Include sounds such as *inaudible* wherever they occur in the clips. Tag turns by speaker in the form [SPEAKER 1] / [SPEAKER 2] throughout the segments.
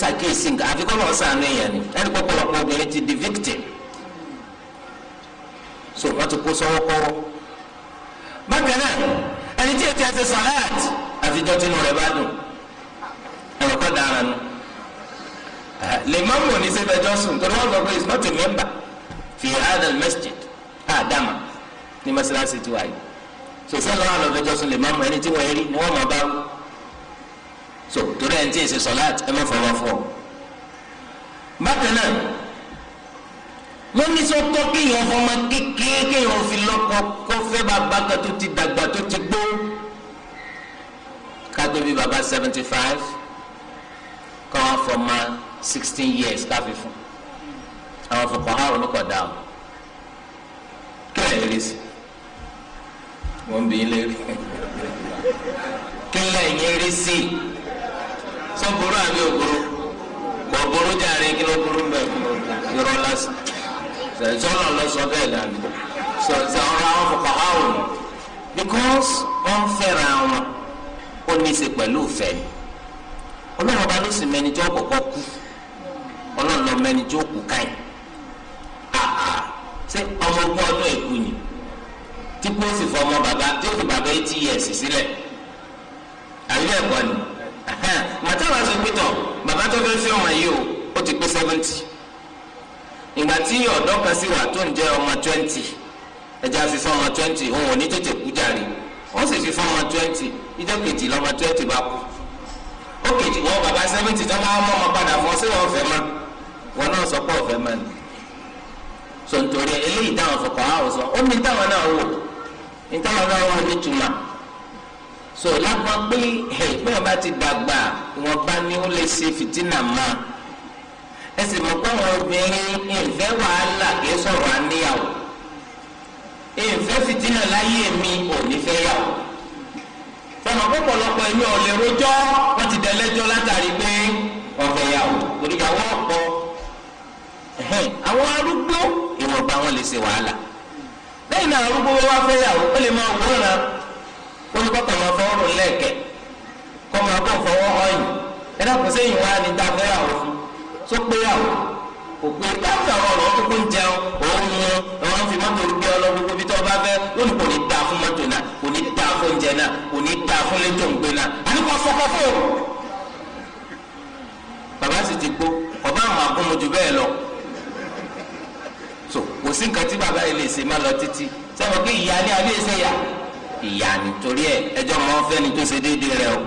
[SPEAKER 1] ṣàkíyèsí nǹkan àfi kọ́ lọ́ọ́ sànú èèyàn ni ẹni pọ̀pọ̀lọpọ̀ obìnrin ti di victim so wọ́n ti kó sọ́wọ́ kọ́wọ́ bákan náà ẹni tí ètò ẹsẹ̀ sọ̀láàt àfijọ́ tinú rẹ̀ bá dùn ẹ̀rọ kọ́ dára nu lè má mú ní sẹ́fẹ̀ jọ́sùn torí wọ́n sọ pé it's not a member fi hada masjid àdàmà ní masalasi tiwa yìí so sẹ́lẹ̀ wà lọ́fẹ̀ jọ́sùn lè má mú ẹni tí wọ́n rí ni wọ́n mọ̀ bá wù so torí ẹni tí ń ṣe sọláàtì ẹ má fọwọ́ fọ. bákan náà wọ́n ní sọ tọ́ kéèyàn fọmọ kékeré kéèyàn fi lọ́kọ kó fẹ́ bàbá kan tó ti dàgbà tó ti gbó kágbé bíi bàbá seventy five kọ́ wọn fọmọ sixteen years káfí fún àwọn fọkàn hàn ló kọ̀ dá o kílẹ̀ yẹn lè sí wọ́n bí lè kílẹ̀ yẹn sí sọ́kúrú àbí òkúrú kọ̀ọ̀bùrú jàre kí ló burú mbẹ́ irọ́ lásán sọ̀rọ̀ lọ sọ bẹ́ẹ̀ dàbí sọ̀rọ̀ àwọn ọkọ̀ àwọn because wọ́n fẹ́ra wọn ó ní í ṣe pẹ̀lú ìfẹ́ ni ọlọ́run ọba ló sì mẹni tí ó kọ̀kọ́ kú ọlọ́run lọ mẹni tí ó kú káyìn ṣé ọmọ ogún ọdún èkú ni tí kò sì fọ ọmọ bàbá tí ó fi bàbá eighty years sílẹ̀ àbí ni. màtá wàá sọ pé tọ bàbá tó fẹ́ ọmọ yìí o ó ti pé seventy ìgbà tí ọ̀dọ́ kan sì wà tó ń jẹ́ ọmọ twenty ẹja fi fún ọmọ twenty òun ò ní tètè kú fi fún ọmọ ìjọ kejì lọ́mọ bá kú ó kejì wọ́n bàbá seventy tó máa mọ́ ọmọ padà fún ọ sí ọ̀fẹ́ mọ́ wọn náà sọ pé ọ̀fẹ́ mọ́ ni sọ̀ntorí eléyìí táwọn fọkàn áwọ̀ sọ so lágbá pé ẹ̀gbẹ́ ọba ti dàgbà wọn bá ní ó lè ṣe fìtínà mọ́ ẹ sì mọ̀ pé àwọn obìnrin ìfẹ́ wàhálà kì í sọ̀rọ̀ àníyàwó ìfẹ́ fìtínà láyé mi ò ní fẹ́ yàwó fọmọ pọ̀pọ̀lọpọ̀ ẹ̀mí ò lè rojọ́ wọ́n ti dẹ̀lẹ́jọ́ látàrí pé ọ̀fẹ́ yàwó torí ìyàwó ọ̀pọ̀ àwọn arúgbó ìwọ̀nba wọn lè ṣe wàhálà lẹ́yìn náà arúgbó wọn wá fẹ́ yàwó ó lè máa wúrọ̀ náà ó ní kọ́kọ́ máa fọwọ́ rò lẹ́ẹ̀kẹ́ kọ́ máa kọ́ fọwọ́ ọyìn ẹ dákun sẹ́yìn wá ní ta fẹ́yàwó fún tó péyàwó kò pé báwo àwọn ọ̀rọ̀ tó kó ń jẹun òun mu àwọn fi mọ́tò gbé ọ lọ gbogbo bí tó bá fẹ́ lónìí kò ní da fún mọ́tò náà kò ní da fún oúnjẹ náà kò ní da fún lẹ́tọ̀ ń gbé náà àníkò fọkọ fún o. bàbá sì so kò sí nǹkan tí bàbá yìí lè ṣe má lọ títí sẹ́wọ̀n ìyá nítorí ẹ ẹjọ́ mọ́ fẹ́ni tó ṣe déédéé rẹ o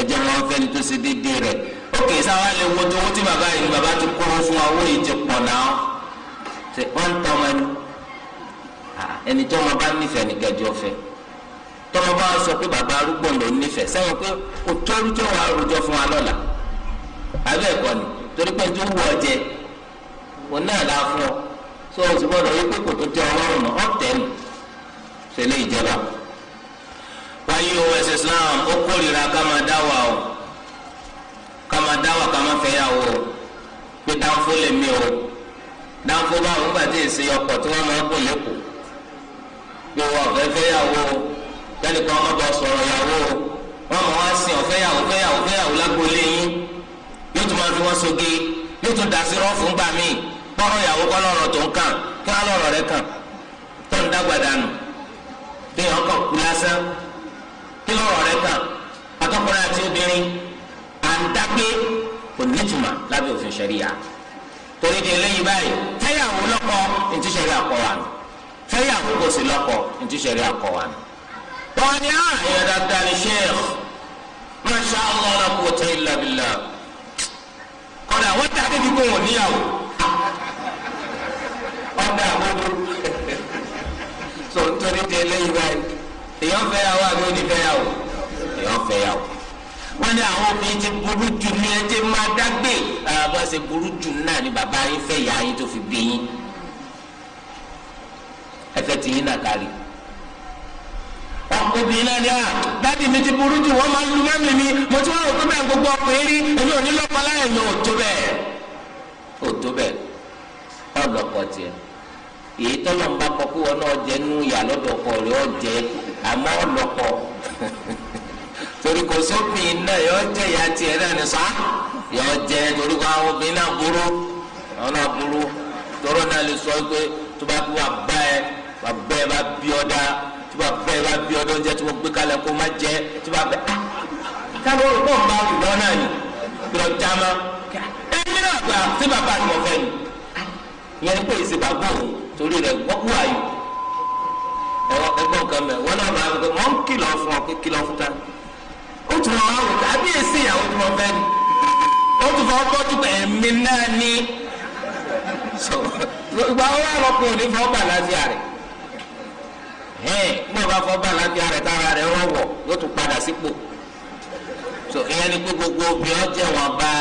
[SPEAKER 1] ẹjọ́ mọ́ fẹ́ni tó ṣe déédéé rẹ ókè sáwá lè wo tó wọ́n ti bàbá yìí bàbá ti kó fún wa owó yìí ti pọ̀ náà ṣe wọ́n tọ́ ọmọ ẹni ẹni tí ọmọ bá nífẹ̀ẹ́ ní gẹ́jọ́ fẹ́ tọ́mọ bá sọ pé bàbá arúgbó ló nífẹ̀ẹ́ sẹ́yìn pé kò tọ́rú tí wọ́n arúgbó fún wa lọ́la abẹ́ ẹ̀kọ́ ni torí pé tó wù ọ jẹ wọn náà la fún ọ sọ òsì gbọ́dọ̀ yí pé kò tó tẹ ọlọ́run náà ọ̀tẹ̀ nù sele lè jẹba wáyé o ẹsẹ islam ó kórìíra dáwà o ká dáwà ká máa o pé dáńfó lè mí o dáńfó báwo ń gbàdé èsì ọkọ̀ tí wọ́n máa ń gùn lẹ́kọ̀ọ́ pé wọ́n ọ̀fẹ́ fẹ́yàwó o kan ọmọ yàwó o wá sí lágbólé yín yóò tún máa fi yóò tún ńgbà míì kéèyàn kàn kú lásán kí lọ́rọ̀ rẹ kàn àtọkùnrin àti obìnrin à ń dágbé kò nítumọ̀ lábẹ́ òfin ṣẹ̀ríya torí di eléyìí báyìí fẹ́yàwó lọ́kọ ntí ṣẹ̀ríya kọ̀ wà nù fẹ́yàwó kò sí lọ́kọ ntí ṣẹ̀ríya kọ̀ wà nù. wọ́n ní àyàn ah, dáadáa ní sheikh masha allah la quwwata illa billah kọ́dà wọ́n tàbí fi kó wọn níyàwó *laughs* ọ̀dà àbúrò. so nítorí tẹ lẹ́yìn báyìí èèyàn fẹ́ yàwó àbí òní fẹ́ ya èèyàn fẹ́ yàwó wọ́n ní àwọn obìnrin ti burú jù ní ẹjẹ́ máa dágbé àbá ṣe burú jù náà ni bàbá yín yà yín tó fi bí yín ẹfẹ́ tí yín náà kárí obìnrin náà ah, mi ti burú jù wọ́n máa lu mi mo ti wọ́n gbogbo ọkùnrin rí èmi ò ní ò èyí tọ́lọ̀ ń bá kọ pé wọn náà jẹ́ nú ìyá lọ́dọ̀ ọkọ rẹ̀ ọ jẹ́ àmọ́ ọlọ́kọ̀ *laughs* torí kò sófin iná yọ jẹ́ ìyá tiẹ̀ náà ní sá ah, yọ jẹ́ torí kò àwọn obìnrin náà burú àwọn náà burú tọrọ náà lè sọ pé tó bá kú bàbá ẹ bàbá ẹ bá bí ọdá tó bàbá ẹ bá bí ọdá oúnjẹ tó gbé kalẹ̀ kó má jẹ tó bàbá ẹ ah, káàbọ̀ olùkọ́ ń bá olùkọ́ náà ni lọ jáma ẹ ní náà gbà sí bàbá àti mọ̀fẹ́ ni ìyẹn ní pé ìsìn bàbá torí rẹ̀ gbọ́kú àyù ẹgbọ́n kan mẹ wọn náà bá wọn mọ ń kìlọ̀ fún ọ pé kìlọ̀ fún ta ó tún wọn wá wò tá bí èsì ìyàwó tí wọn fẹ́ ni ó tún fọ ọkọ tó pẹ̀ mí náà ní ìgbà wọn wá lọ pé òní fọ ọgbà lájà rẹ̀ hẹ́ẹ̀ bí wọn bá fọ ọgbà lájà rẹ̀ tára rẹ̀ rọwọ̀ yóò tún padà sípò so ìyẹn ni gbogbogbò bí wọn jẹ wọn bá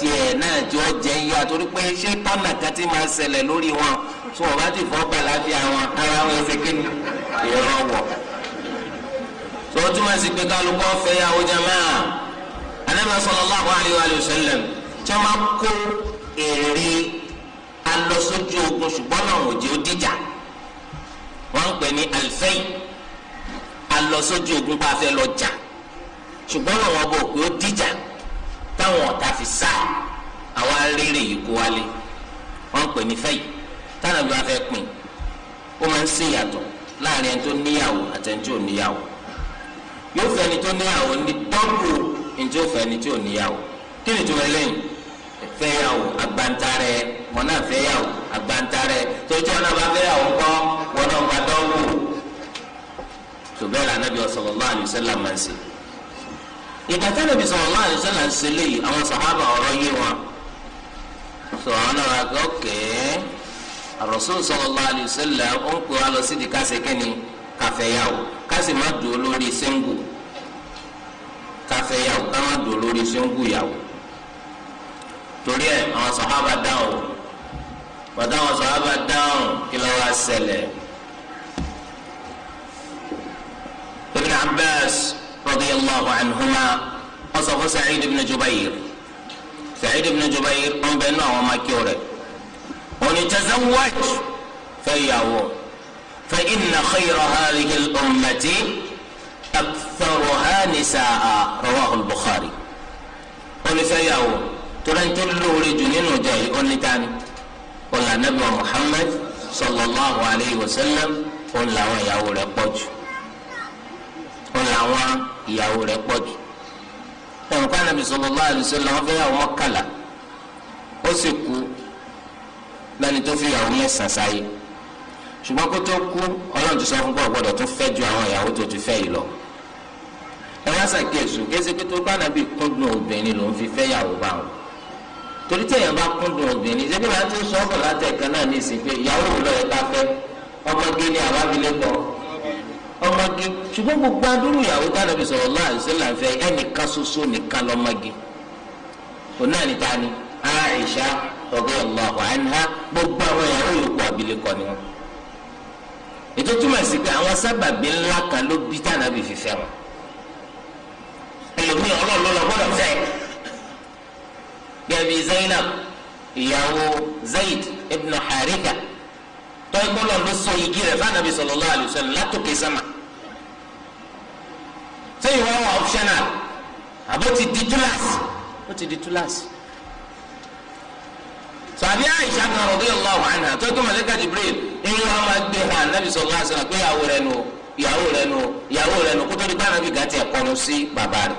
[SPEAKER 1] tiẹ̀ náà jọ jẹ́ ìyá torí pé ṣé tọ́nà kan ti máa ṣẹlẹ̀ lórí wọn tí wọ́n bá ti fọ́ bàláfíà wọn ara wọn ṣe kí ni ìran wọ̀. tó o túmọ̀ sí pé kálukú ọ̀fẹ́ yàwó jamaa anábìá sallallahu alaihi wa sallam tí wọ́n máa kó èrè alọ́sójú ogun ṣùgbọ́n náà ò jẹ́ ó dìjà wọ́n ń pè ní alfẹ́yì alọ́sójú ogun bá fẹ́ lọ jà ṣùgbọ́n náà wọ́n bọ̀ pé ó táwọn ọ̀tá fi sá àwọn arére yìí kó wálé wọ́n ń pè ní fẹ́yì tánàbí wọn fẹ́ pin ó máa ń ṣe ìyàtọ̀ láàrin ẹni tó níyàwó àti ẹni tí ò níyàwó yóò fẹ́ ẹni tó níyàwó ní dọ́gbò ẹni tí ó fẹ́ ẹni tí ò níyàwó kí ni tó wẹ́ lẹ́yìn fẹ́yàwó agbantarẹ̀ wọn náà fẹ́yàwó agbantarẹ̀ tó jẹ́ ọ̀nà bá fẹ́yàwó ńkọ́ wọn náà gba dọ́gbò tó bẹ́ẹ̀ lànà bí sallallahu ìgbà tí Ànábì sallallahu alaihi wasallam ń ṣe léyìí àwọn sàhábà ọ̀rọ̀ yé wọn sọ náà gbọ́ kẹ́ẹ́ Rasul sallallahu alaihi wasallam ó ń pè wá lọ sídìí káṣe kẹ́ni káfẹ́yàwó káṣe má dùn lórí sẹ́ńgù káfẹ́yàwó ká má dùn lórí sẹ́ńgù yàwó torí ẹ àwọn sàhábà dáhùn bàtà àwọn sàhábà dáhùn kí ló wá ṣẹlẹ̀ Ibn Abbas. رضي الله عنهما وصف سعيد بن جبير سعيد بن جبير أم بينه وما كيوره ونتزوج فياو فإن خير هذه الأمة أكثرها نساء رواه البخاري ونفياو ترنتل لجنين جاي ونتاني ولا نبي محمد صلى الله عليه وسلم ولا وياو لقوش ó làwọn ìyàwó rẹ̀ pọ̀ jù ẹ̀wọ̀n kan nàbì sallallahu alaihi wasallam wọ́n fẹ́ yàwó mọ́kànlá ó sì kú lẹ́ni tó fi ìyàwó mẹ́sàn-án sáyé ṣùgbọ́n kó tó kú ọlọ́run ti sọ fún pọ̀ gbọ́dọ̀ tó fẹ́ ju àwọn ìyàwó tó ti fẹ́ yìí lọ ẹ wá ṣàkíyèsí kése pé tó bá nàbì kúndùn obìnrin ló ń fi fẹ́ yàwó bá wọn torí tẹ̀yàn bá kúndùn obìnrin ṣé bí wọ́n ti sọ ọ́ bọ̀ látẹ̀kan náà ní ìsìn pé ìyàwó ọmọge ṣùgbọ́n gbogbo adúrú ìyàwó tá a nàbì sọ̀rọ̀ lọ́wọ́ àti sẹ́là fẹ́ ẹnìkan ṣoṣo nìkan lọ́mọge òun náà níta ni Aisha radiyallahu anha gbogbo àwọn ìyàwó yòókù abilékọ ni wọn. ètò túmọ̀ sí pé àwọn sábàbí ńlá kan ló bí tá a nàbì fi fẹ́ wọn. ẹlòmíì ọlọ́ọ̀lọ́ lọ gbọ́dọ̀ fẹ́ gẹ̀ẹ́bí Zainab ìyàwó Zaid ibn Haritha tọ́yìn kọ́ lọ́n ló sọ igi rẹ̀ fún anabi sallallahu alaihi wasallam látòkè sẹ́mà sẹ́yìn wọn wà optional àbó ti di túláàsì ó ti di túláàsì sàbí àyíṣà kan radiyallahu anha tó kí màlẹ́kà Jibril ìlú wa máa gbé hàn anabi sallallahu alaihi wasallam pé ìyàwó rẹ̀ nù ìyàwó rẹ̀ nù ìyàwó rẹ̀ nù kótó ní bá anabi gàtì ẹ̀kọ́nu sí bàbá rẹ̀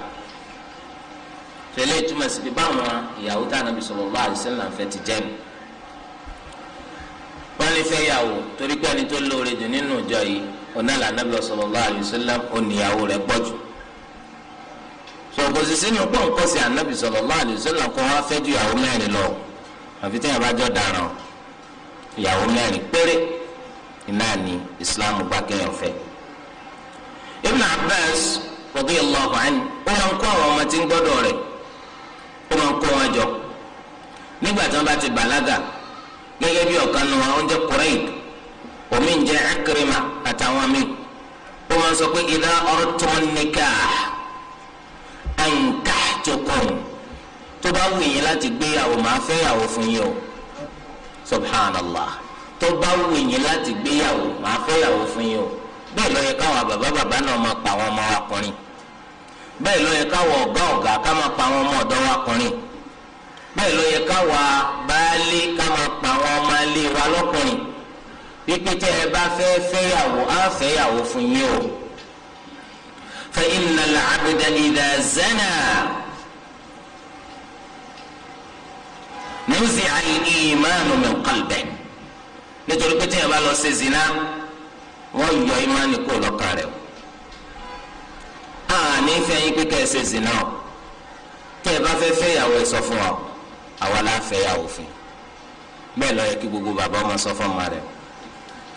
[SPEAKER 1] tẹ̀lé ìtumọ̀ sí bí báwọn ìyàwó tá anabi sallallahu wọ́n lè fẹ́ torí pé ẹni tó lóore jù nínú ìjọ yìí ọ̀nà Ànábì sallallahu alaihi oníyàwó rẹ̀ pọ̀ jù sínú ju ìyàwó mẹ́rin lọ àfi tẹ́yìn bá jọ dáràn ìyàwó mẹ́rin péré iná ni Islam fẹ́. Ibn Abbas ó máa ń àwọn ọmọ tí ń gbọ́dọ̀ gẹ́gẹ́ bí ọ̀kan ọ wọn oúnjẹ kúrẹ́ẹ̀d omi ń jẹ akérèmà àtàwọn mi ó máa ń sọ pé ìdá tó ń nìkà àǹkà tó tó bá wù yín láti gbéyàwó fẹ́ yàwó fún yín o subhanallah tó bá wù yín láti gbéyàwó máa fẹ́ yàwó fún yín o bẹ́ẹ̀ ló yẹ káwọn bàbá bàbá náà máa pa àwọn ọmọ wa kùnrin bẹ́ẹ̀ bẹ́ẹ̀ ló yẹ káwa baálé ká máa pa àwọn ọmọ ilé wa lọ́kùnrin wípé tẹ́ ẹ bá fẹ́ fẹ́yàwó á fẹ́yàwó fún yín o. fa innal abda idha zana nuzi'a al-imanu min qalbihi nítorí pé tẹ́ ẹ bá lọ ṣe zina wọ́n yọ ìmánì kó lọ́kàn rẹ̀ àní fẹ́yìn pé kẹ́ ẹ ṣe zina tẹ́ ẹ bá fẹ́ fẹ́yàwó ẹ sọ fún wa o àwa la fẹ́ yà òfin bẹ́ẹ̀ lọ yẹ kí gbogbo bàbá ọmọ sọ fún ọmọ rẹ̀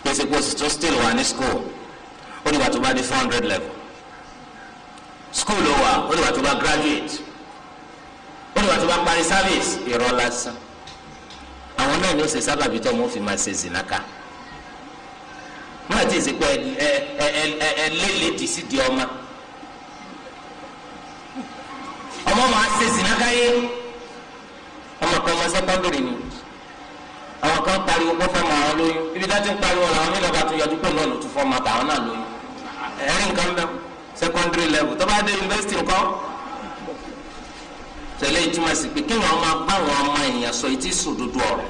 [SPEAKER 1] pèsè kó tó still wà ní school ó dìgbà tó bá di four hundred level school ó wà ó dìgbà tó bá graduate ó dìgbà tó bá parí service irọ́ lásán àwọn náà ni ó ṣe sábàbí tó ọmọ òfin máa ṣe zinaka máa ti ṣe pé ẹ ẹ ẹ ẹ lélẹ̀ tì sí di ọmọ ọmọ máa ṣe zinaka yé àwọn kan ọmọ sẹ́kọ́ndìrì ni àwọn kan pariwo kó fọmọ àwọn lóyún ibi tá ti ń pariwo làwọn mílíọ̀nù bá tún yọjú pé náà ló tún fọmọ àtàwọn náà lóyún ẹ̀rí nǹkan bẹ́ẹ̀ sẹ́kọ́ndìrì level tó bá dé yunifásitì nǹkan tẹ̀lé ìtumọ̀ sí pé kí wọ́n máa bá wọn ọmọ èèyàn sọ etí sòdodo ọ̀rọ̀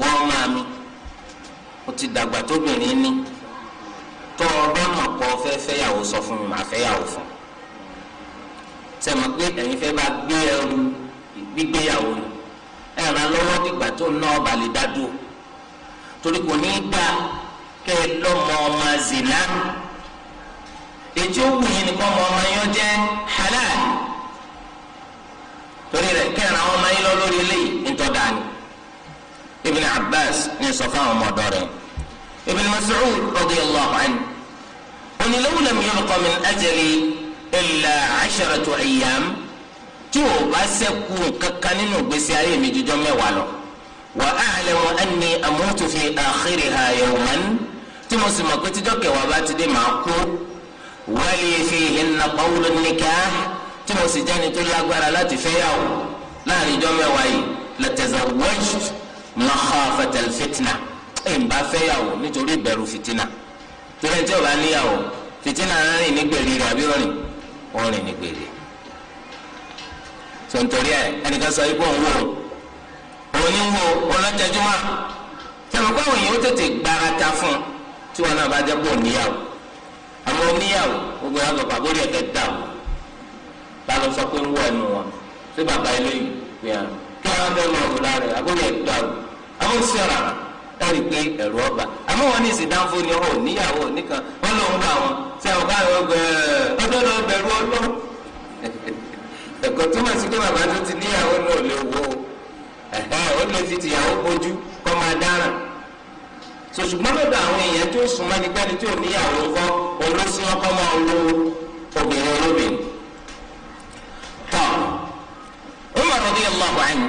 [SPEAKER 1] wọ́n máa mi mo ti dàgbà tóbìnrin ní tó o bá mọ̀ pọ̀ fẹ́ fẹ́yàwó sọ fún mi màá fẹ́yàwó fún un sẹ́mi pé ẹ̀yin fẹ́ bá gbé ẹrù gbígbéyàwó ni ẹ ràn lọ́wọ́ dìgbà tó ná ọba lè dá dúró torí kò ní í gbà kẹ ẹ lọ́mọ ọmọ zina ètò òwú yìí nìkan ọmọ ọmọ yẹn jẹ́ halal torí rẹ̀ kẹ ẹ ràn ọmọ yẹn lọ lórí eléyìí nítọ́da Ibn Abbas ní sọ fáwọn ọmọ ọ̀dọ́ Ibn Mas'ud radiyallahu anhu onílẹ̀wùlẹ̀ mi yọ̀ lọ́kọ́ min ajali illa 'asharatu ayyam tí o bá sẹ́kù kankan nínú gbèsè ayé mi jùjọ mẹ́wàá lọ. wa a'lamu anni amutu fi akhiriha yawman tí mo sì mọ̀ pé tíjọ́ kẹwàá bá ti dé màá kú. wali fihinna qawlu nikah tí mo sì jẹ́ni tó lágbára láti fẹ́yàwó láàrin ìjọ mẹ́wàá yìí latazawwajtu makhafata al-fitna ẹ̀ ń bá fẹ́yàwó nítorí ìbẹ̀rù fìtínà torí ẹ̀ tí o níyàwó fìtínà rẹ̀ rìn nígbèrè rẹ̀ àbí rọ̀rìn ó rìn nígbèrè sọ̀ntorí ẹ̀ ẹnìkan sọ ikú òun wò òun wo ọlọ́jọ́júmọ́ sọ̀rọ̀ pé àwọn tètè gbarata fún tí wọn náà bá jẹ́ pọ̀ níyàwó àmọ́ gbogbo ẹ̀kẹ́ dà bá lọ sọ pé ń wọ ẹnu wọn sí bàbá eléyìí kí wọn lọ dà pé ẹ̀rù ọba àmọ́ wọn ní ni níyàwó nìkan wọn bá wọn sẹ́wọ̀n káyọ̀ èkó túmọ̀ sí pé bàbá tó ti níyàwó náà lè wo ó lè fi tìyàwó bójú kọ́ máa dáràn sòṣùgbọ́n lọ́dọ̀ àwọn èèyàn tó súnmọ́ nígbàdí tó níyàwó ńkọ́ olóṣì ọkọ máa wo obìnrin olóbìnrin. tọ́ Umar radiyallahu anhu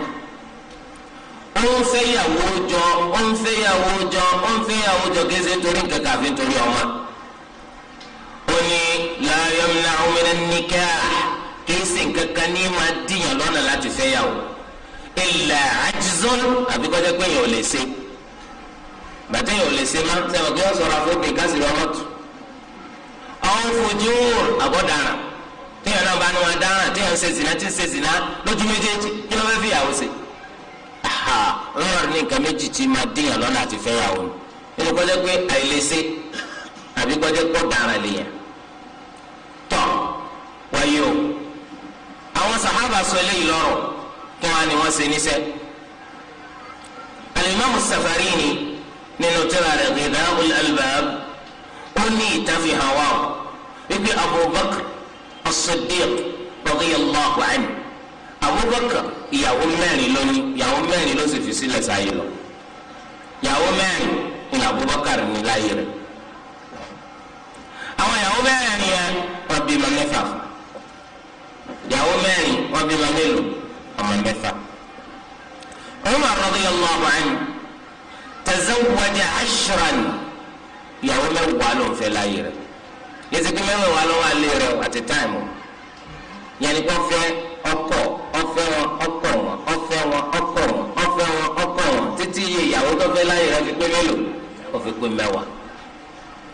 [SPEAKER 1] ó ń fẹ́yàwó jọ ó ń fẹ́yàwó jọ ó ń fẹ́yàwó jọ gẹ́sẹ̀ torí nǹkan kàfi torí ọmọ. ó ní la yamna'u minan nikah. kìí ṣe nǹkankan ní máa dìyàn lati láti fẹ́ yà o illa ajzun àbí kọjá pé yàn ò lè ṣe bàtẹ́ yàn ò lè ṣe má sẹ́wọ̀n kí wọ́n sọ̀rọ̀ àfọ́bì káṣí rẹ̀ ọmọ tù àwọn fojú àbọ̀dàrà téèyàn náà bá ní wọn dáràn téèyàn ń ṣe zina tí ń ṣe zina lójú méjèèjì kí ló fẹ́ fi yàwó ṣe ńlọrọ ní nǹkan méjì tí máa dìyàn lọ́nà àti fẹ́ yàwó nínú kọjá pé àìlèṣe àbí kọjá pọ̀ dáràn lèèyàn tọ́ wáyé o sàhábà sọ eléyìí lọ́rọ̀ kí wọ́n á ní wọ́n ṣe níṣẹ́. alimami safarini nínú tírà rẹ̀ Ghidha'ul Albab ó ní ìtàfihàn wa wípé abubakar as-Siddiq radiyallahu anhu abubakar ìyàwó mẹ́rin ló ní ìyàwó mẹ́rin ló sì fi sílẹ̀ sáyé lọ ìyàwó mẹ́rin ni abubakar ní láyé rẹ̀ àwọn ìyàwó mẹ́rin yẹn wọ́n bímọ mẹ́fà fún ìyàwó mẹ́rin wọ́n bímọ mélòó ọmọ mẹ́fà. Umar radiyallahu anhu tazawwaja ashran ìyàwó mẹ́wàá ló ń fẹ́ láyé rẹ̀ yẹtùkú mẹ́wàá ló wà lé rẹ̀ àti táìmù yẹn ni kò fẹ́ ọkọ ọfẹ́ wọn ọkọ wọn ọfẹ́ wọn ọkọ wọn ọfẹ́ wọn ọkọ wọn títí iye ìyàwó tó fẹ́ láyé rẹ̀ fi pé mélòó ó fi pé mẹ́wàá.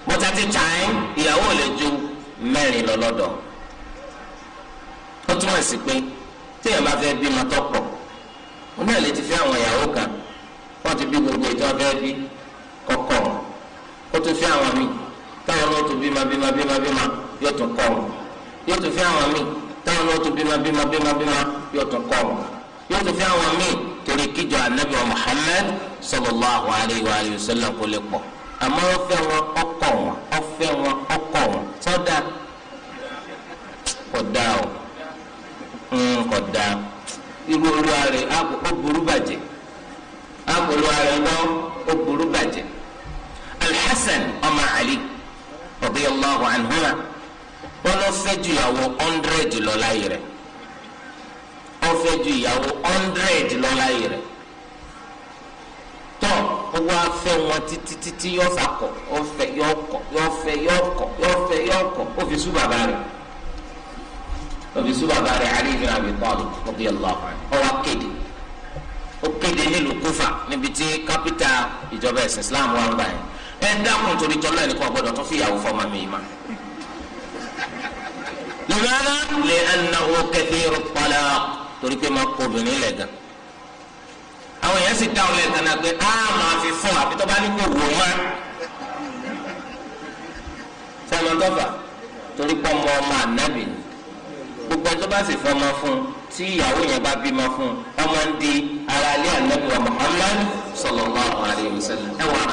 [SPEAKER 1] mọ́tàtí táìm ìyàwó lè ju mẹ́rin lọ lọ́dọ̀ọ́ ó túmọ̀ sí pé téèyàn bá fẹ́ bímọ tọ́pọ̀ ó náà lè ti fẹ́ àwọn ìyàwó kan wọ́n ti bí gbogbo ìtàn fẹ́ bí kọ́kọ́ ó tún fẹ́ àwọn míì táwọn náà tún bímọ bímọ bímọ bímọ yóò tún kọ́ wọn yóò tún fẹ́ àwọn míì táwọn náà anabi wa muhammed ńkọ̀ iru irú olúwa rẹ̀ ó burú bàjẹ́ agolo ayọ̀ lọ ali radiyallahu anhuma wọn lọ ìyàwó lọla lọ láyé rẹ̀ wọn ìyàwó hundred lọ láyé owó wọn títí òbí sú bàbá rẹ̀ Ali ibn Abi Talib radiyallahu anhu ọwọ́ akéde ó kéde nílùú Kúfà níbi tí kápítà ìjọba ẹ̀sìn Islam wà ń gbà yẹn ẹ̀ ń dákun torí tọ́lá ẹ̀ nìkan gbọ́dọ̀ tó fìyàwó fọmọ mi mà. لماذا؟ لأنه كثير الطلاق torí pé máa kó obìnrin lẹ̀ gan. àwọn èèyàn sì dáhùn lẹ́ẹ̀kan náà pé á máa fi fún àbí tó bá ní kò wò má. sẹ́nu tọ́fà torí pé ọmọ ọmọ ànábì ni gbogbo ẹni tó bá sì fọmọ fún un tí ìyàwó yẹn bá bímọ fún un ọmọ ń di ara ilé ànábì wa Muhammad sallallahu alaihi wasallam ẹ wà wọn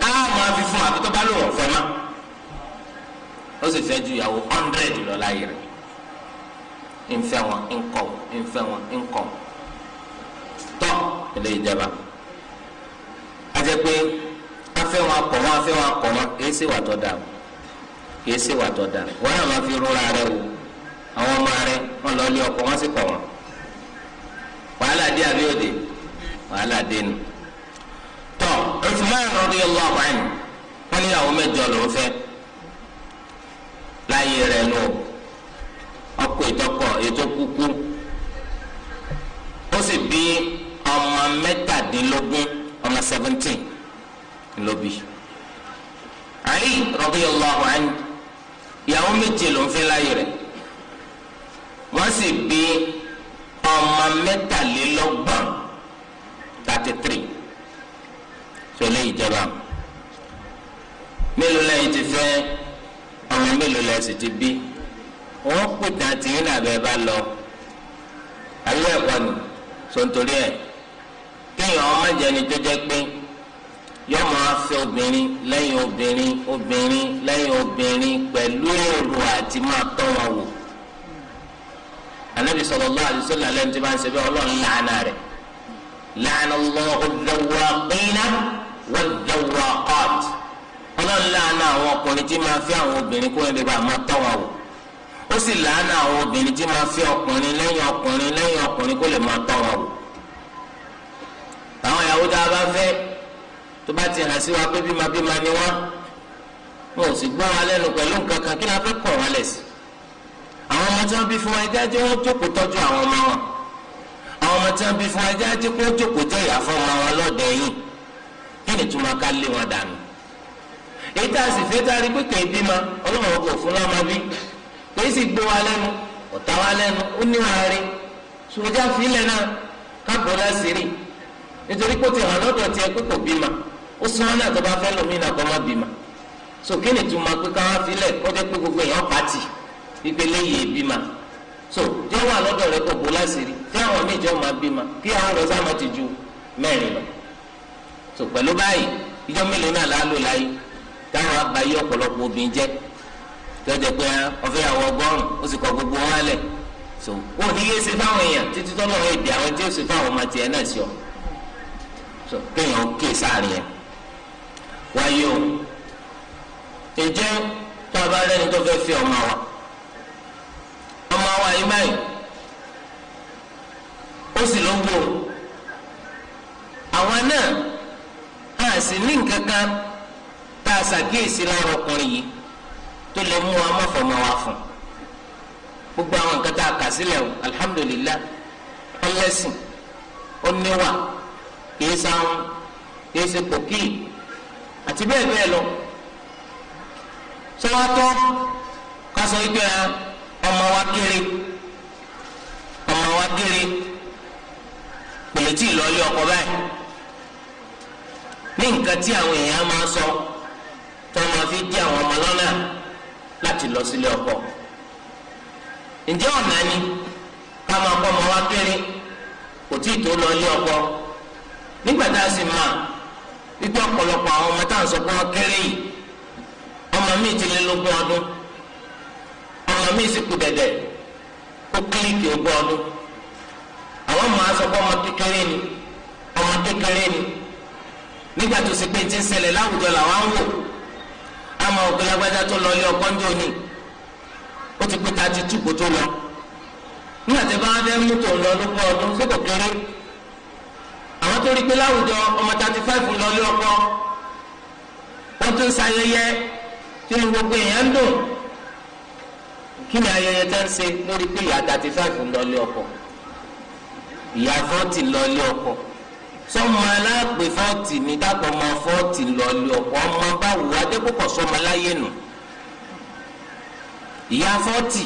[SPEAKER 1] á máa fi fún àbí tó bá lò wọn fọmọ ó sì fẹ́ ju ìyàwó hundred lọ láyé rẹ̀ ń fẹ́ wọn ń kọ̀ ń fẹ́ wọn ń tọ́ ilé ìjọba a jẹ pé afẹ́ wọn akọ̀ wọn afẹ́ wọn akọ̀ wọn kì í ṣèwà tó dáa. kìí ṣe wà da wọn fi rúra rẹ wò wọn lọ ọkọ wọn sì kọ wọn wàhálà dé wàhálà dé nu. tọ wọn ni àwọn ló ń fẹ́ rẹ ọkọ ìtọkọ ètò kúkú ìyàwó méje ló ń fẹ́ láyé rẹ̀ wọ́n sì bí ọmọ mẹ́tàlélọ́gbọ̀n thirty three sọlẹ́ ìjọba mélòó lẹ́yìn ti fẹ́ ọmọ mélòó lẹ́yìn sì ti bí wọ́n pè tán tìyín nàbẹ́ bá lọ àbí ẹ̀kọ́ ni sọ̀ntorí ẹ̀ kéèyàn ọmọ jẹni tó jẹ́ pé. yóò máa fẹ́ obìnrin lẹ́yìn obìnrin obìnrin lẹ́yìn obìnrin pẹ̀lú èrò àti máa ma wọn wò anabi sallallahu alaihi wasallam lẹ́nu tí wọ́n ń sẹ́bẹ̀ ọlọ́run làánà rẹ̀ làánà Allahu ad-dawwaqina wad-dawwaqat ọlọ́run làánà àwọn ọkùnrin tí máa àwọn obìnrin kó bá máa wọn wò ó sì àwọn obìnrin tí máa ọkùnrin ọkùnrin a bá tó bá ti hàn sí wa pé bímabíma ni wọ́n wọn ò sì gbọ́ wa lẹ́nu pẹ̀lú nǹkan kan kí ni a fẹ́ kọ̀ wá lẹ̀ sí. àwọn ọmọ tí wọ́n bí fún wa ẹja jẹ́ wọ́n jókòó tọ́jú àwọn ọmọ wọn àwọn ọmọ tí wọ́n bí fún wa ẹja jẹ́ wọ́n jókòó tẹ́ ìyá fún ọmọ wọn lọ́dẹ yìí kí ni túmọ̀ ká lé wọn dànù. èyí tá a sì fẹ́ tá a rí pé kèé bímọ ọlọ́run kò fún lọ́mọ bí kò sì gbọ́ wa lẹ́nu ọ̀tá wa lẹ́nu ó ní wa rí sọjá fílẹ̀ náà ká bọ́lá sí rí nítorí pé ó ti hàn lọ́dọ̀ tiẹ̀ pé kò bímọ ó sún wọn náà tó bá fẹ́ lómi náà kọ́ má bímọ so kí ni túmọ̀ pé káwá filẹ̀ kọjá pé gbogbo èèyàn pàtì wípé léyìí èbímọ so jẹ́ wà lọ́dọ̀ rẹ kò bó láṣìírí kí àwọn míì jọ máa bímọ kí àwọn lọ sáà má ti ju mẹ́rin lọ so pẹ̀lú báyìí ìjọ mélòó náà láàlò láyé táwọn abayé ọ̀pọ̀lọpọ̀ obìnrin jẹ́ tọ́jà pé ọ̀fẹ́ àwọn ọgọ́rùn-ún ó sì kọ gbogbo wọn lẹ̀ so wọn ò ní yé ṣe fáwọn èèyàn títí tọ́lọ́ èdè àwọn tí ó ṣe fáwọn ọmọ tiẹ̀ náà sí ọ so kéèyàn ó ké sáàrin yẹn wáyé o ìjẹ́ tá a bá lẹ́ni tó fẹ́ fi ọmọ wa ọmọ wa yìí báyìí ó sì ló ń gbò àwọn náà a sì ní nǹkan kan tá a ṣàkíyèsí lára ọkùnrin yìí tó lè mú wa má fọmọ wa fún gbogbo àwọn nǹkan tá a kà sílẹ̀ o alihamudulilayi ọlẹ́sìn oníwà kìí sáwọn kìí ṣe pòkìlì àti bẹ́ẹ̀ bẹ́ẹ̀ lọ sọwọ́tọ́ kásọ yìí pé ọmọ wa kéré ọmọ wa kéré pèlè tí ìlọlé ọkọ báyìí ní nǹkan tí àwọn èèyàn máa sọ tí wọ́n máa fi dí àwọn ọmọ lọ́nà láti lọ sílé ọkọ ǹjẹ́ ọ̀nà ni ká máa kọ́ ọmọ wa kéré kò tí ì tó lọ ilé ọkọ nígbà tá a sì máa wípé ọ̀pọ̀lọpọ̀ àwọn ọmọ tá à ń sọ pé wọ́n kéré yìí ọmọ mi ti lé lógún ọdún ọmọ mi sì kú dẹ̀dẹ̀ ó kílíkì ogún ọdún àwọn ọmọ asọ pé ọmọ kékeré ni ọmọ kékeré ni nígbà tó ṣe pé ti ń ṣẹlẹ̀ láwùjọ làwọn ń wò àmọ́ ògbé lágbájá tó lọ ilé ọkọ ńjọ ni ó ti pé ta ti túbò tó lọ nígbà tí bá wọn fẹ́ mú tòun lọ lógún ọdún sí kéré àwọn tó rí pé láwùjọ ọmọ thirty five ń lọ lé ọkọ wọ́n tún ṣayẹyẹ tí gbogbo èèyàn ń dùn kí ni ayẹyẹ tá ń ṣe lórí pé ìyá thirty five ń lọ lé ọkọ ìyá forty lọ lé ọkọ sọmọ aláàpẹ fọọtì ní dàpọ̀ ọmọ fọọtì lọ́ọ́lì ọ̀pọ̀ ọmọ báwo adékòkò sọmọ láyé nù ìyá fọọtì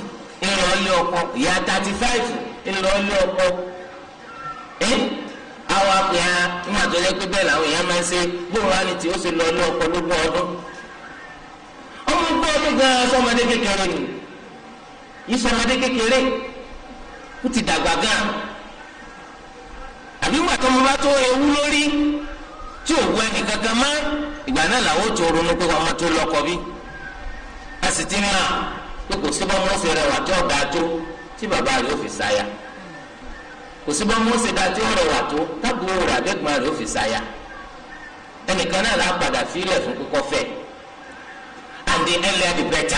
[SPEAKER 1] ńlọ́ọ́lì ọkọ ìyá tàtí fáìfù ńlọ́ọ́lì ọkọ ẹ àwọn apè ya nígbà tó yẹ pé bẹ́ẹ̀ làwọn èèyàn máa ń bóun lọ ilé ọkọ lógún ọdún ọmọ ọsọ gan-an kékeré ni yìí kékeré ti dàgbà ewu lórí tí kankan ìgbà náà tó ronú pé tó a ti ń hàn pé kò síbọn wà tó tó tí kò sí bọ́mú ó ṣe dá tí ó rẹwà tó tábùú rẹ̀ abẹ́gbọ̀n ó fi padà fílẹ̀ fún kíkọ́ fẹ́ and the earlier the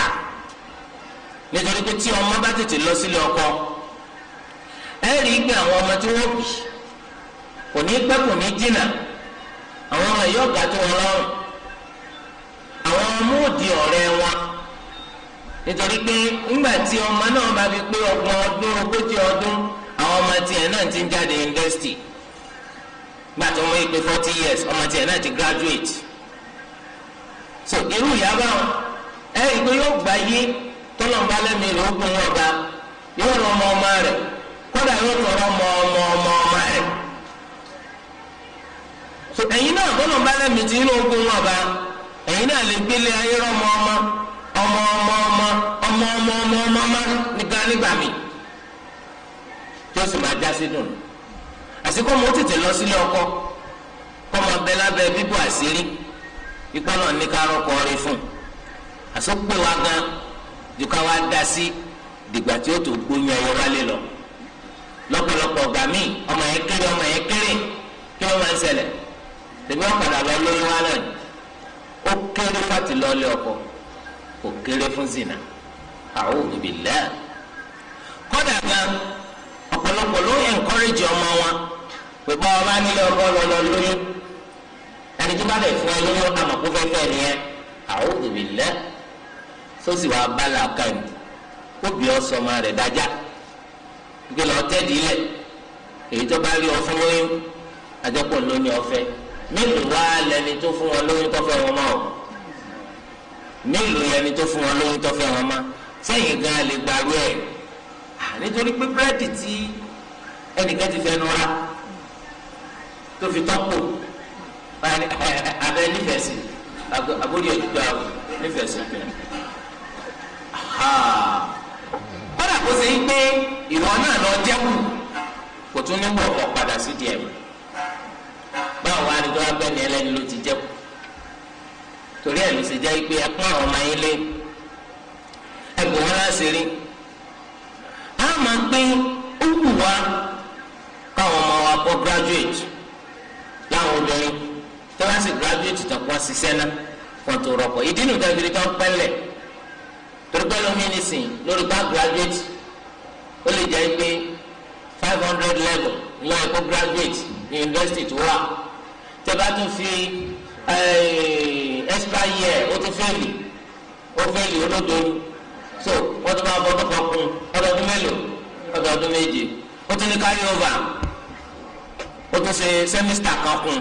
[SPEAKER 1] nítorí pé tí ọmọ bá tètè lọ sílé ọkọ ẹ rí awọn àwọn ọmọ tí wọ́n bì kò ní pẹ́ kò ní àwọn ọmọ yóò ga wọn lọ́rùn ọmọ náà bá fi pé ọdún àwọn ọmọ tiẹ̀ náà ti ń jáde yunifásitì gbàtọ́ wọ́n yí pé forty years ọmọ tiẹ̀ náà ti graduate so irú ìyá báwọn ẹ rí yóò gbà yé tọ́lọ́mbà lẹ́mi rẹ̀ ó gbọ́n ọba yóò rọ ọmọ ọmọ rẹ̀ kódà yóò tọrọ ọmọ ọmọ ọmọ ọmọ rẹ̀ so ẹ̀yin náà tọ́lọ́mbà ọba ẹ̀yin náà lè gbélé ayé rọ ọmọ ọmọ ọmọ ọmọ ọmọ. tó sì máa jásí dùn àsìkò mo tètè lọ sílé ọkọ kọ́ bẹ lábẹ́ bíbú àṣírí ipá náà ní ká rọ́kọ rí fún àsopè wa gan ju ká dá sí dìgbà lọ ọgbà ọmọ yẹn kéré ọmọ yẹn kéré kí máa ń tèmi wa náà fati ọkọ kò kéré fún zina ọ̀pọ̀lọpọ̀ ló ń encourage ọmọ wọn pẹ̀lú ọba nílé ọkọ lọlọ lóyún ẹni tó bá lè fún ẹ lóyún àmọ̀kú fẹ́fẹ́ nìyẹn a'udhu billah sósì wàá bá làákà ní òbí ọsọmọ rẹ̀ dájá gbé lọ tẹ́ẹ̀dì lẹ̀ èyí tó bá rí ọ fún lóyún àjẹpọ̀ lóyún ọ̀fẹ́ mélòó wá lẹni tó fún wọn lóyún tọ́fẹ́ wọn mọ́ ọ mélòó lẹni tó fún wọn lóyún tọ́fẹ́ wọn mọ́ sẹ́yìn gan-an lè gbàrú ẹ̀ nítorí pé búrẹ́dì tí ẹnìkan ti fẹ́ nu ra tó fi tọ́pò eh, abẹ́ nífẹ̀ẹ́ sí agbórí ẹ̀dúgba nífẹ̀ẹ́ sí kódà kó ṣe pé ìwọ náà lọ jẹ́kù kò tún ní wọ̀ ọ́ padà sí díẹ̀ báwo wá ní tó wá bẹ́ẹ̀ ni ẹlẹ́ni ló ti jẹ́kù torí ẹ̀ ló ṣe jẹ́ pé ẹ pọ́n àwọn ọmọ yín lé ẹ̀gbọ́n wọn láṣẹ rí a máa gbé ó wù káwọn ọmọ wa kọ́ graduate láwọn obìnrin tó graduate tó kọ́ ṣiṣẹ́ náà wọ́n tó rọ́pọ̀ ìdí nìkan ìbírí tó ń pẹ́lẹ̀ torí pẹ́ lórí bá graduate ó lè jẹ́ pé five hundred level lọ ẹ̀kọ́ graduate ní university tó wà tẹ́ bá tún fi eh, extra year ó tún fẹ́ẹ̀lì ó fẹ́ẹ̀lì ó lódodo so wọ́n tó bá bọ́dún kan kún ọdọọdún mélòó ọdọọdún méje ó tún ní carry over ó tún ṣe sẹ́mísítà kan kún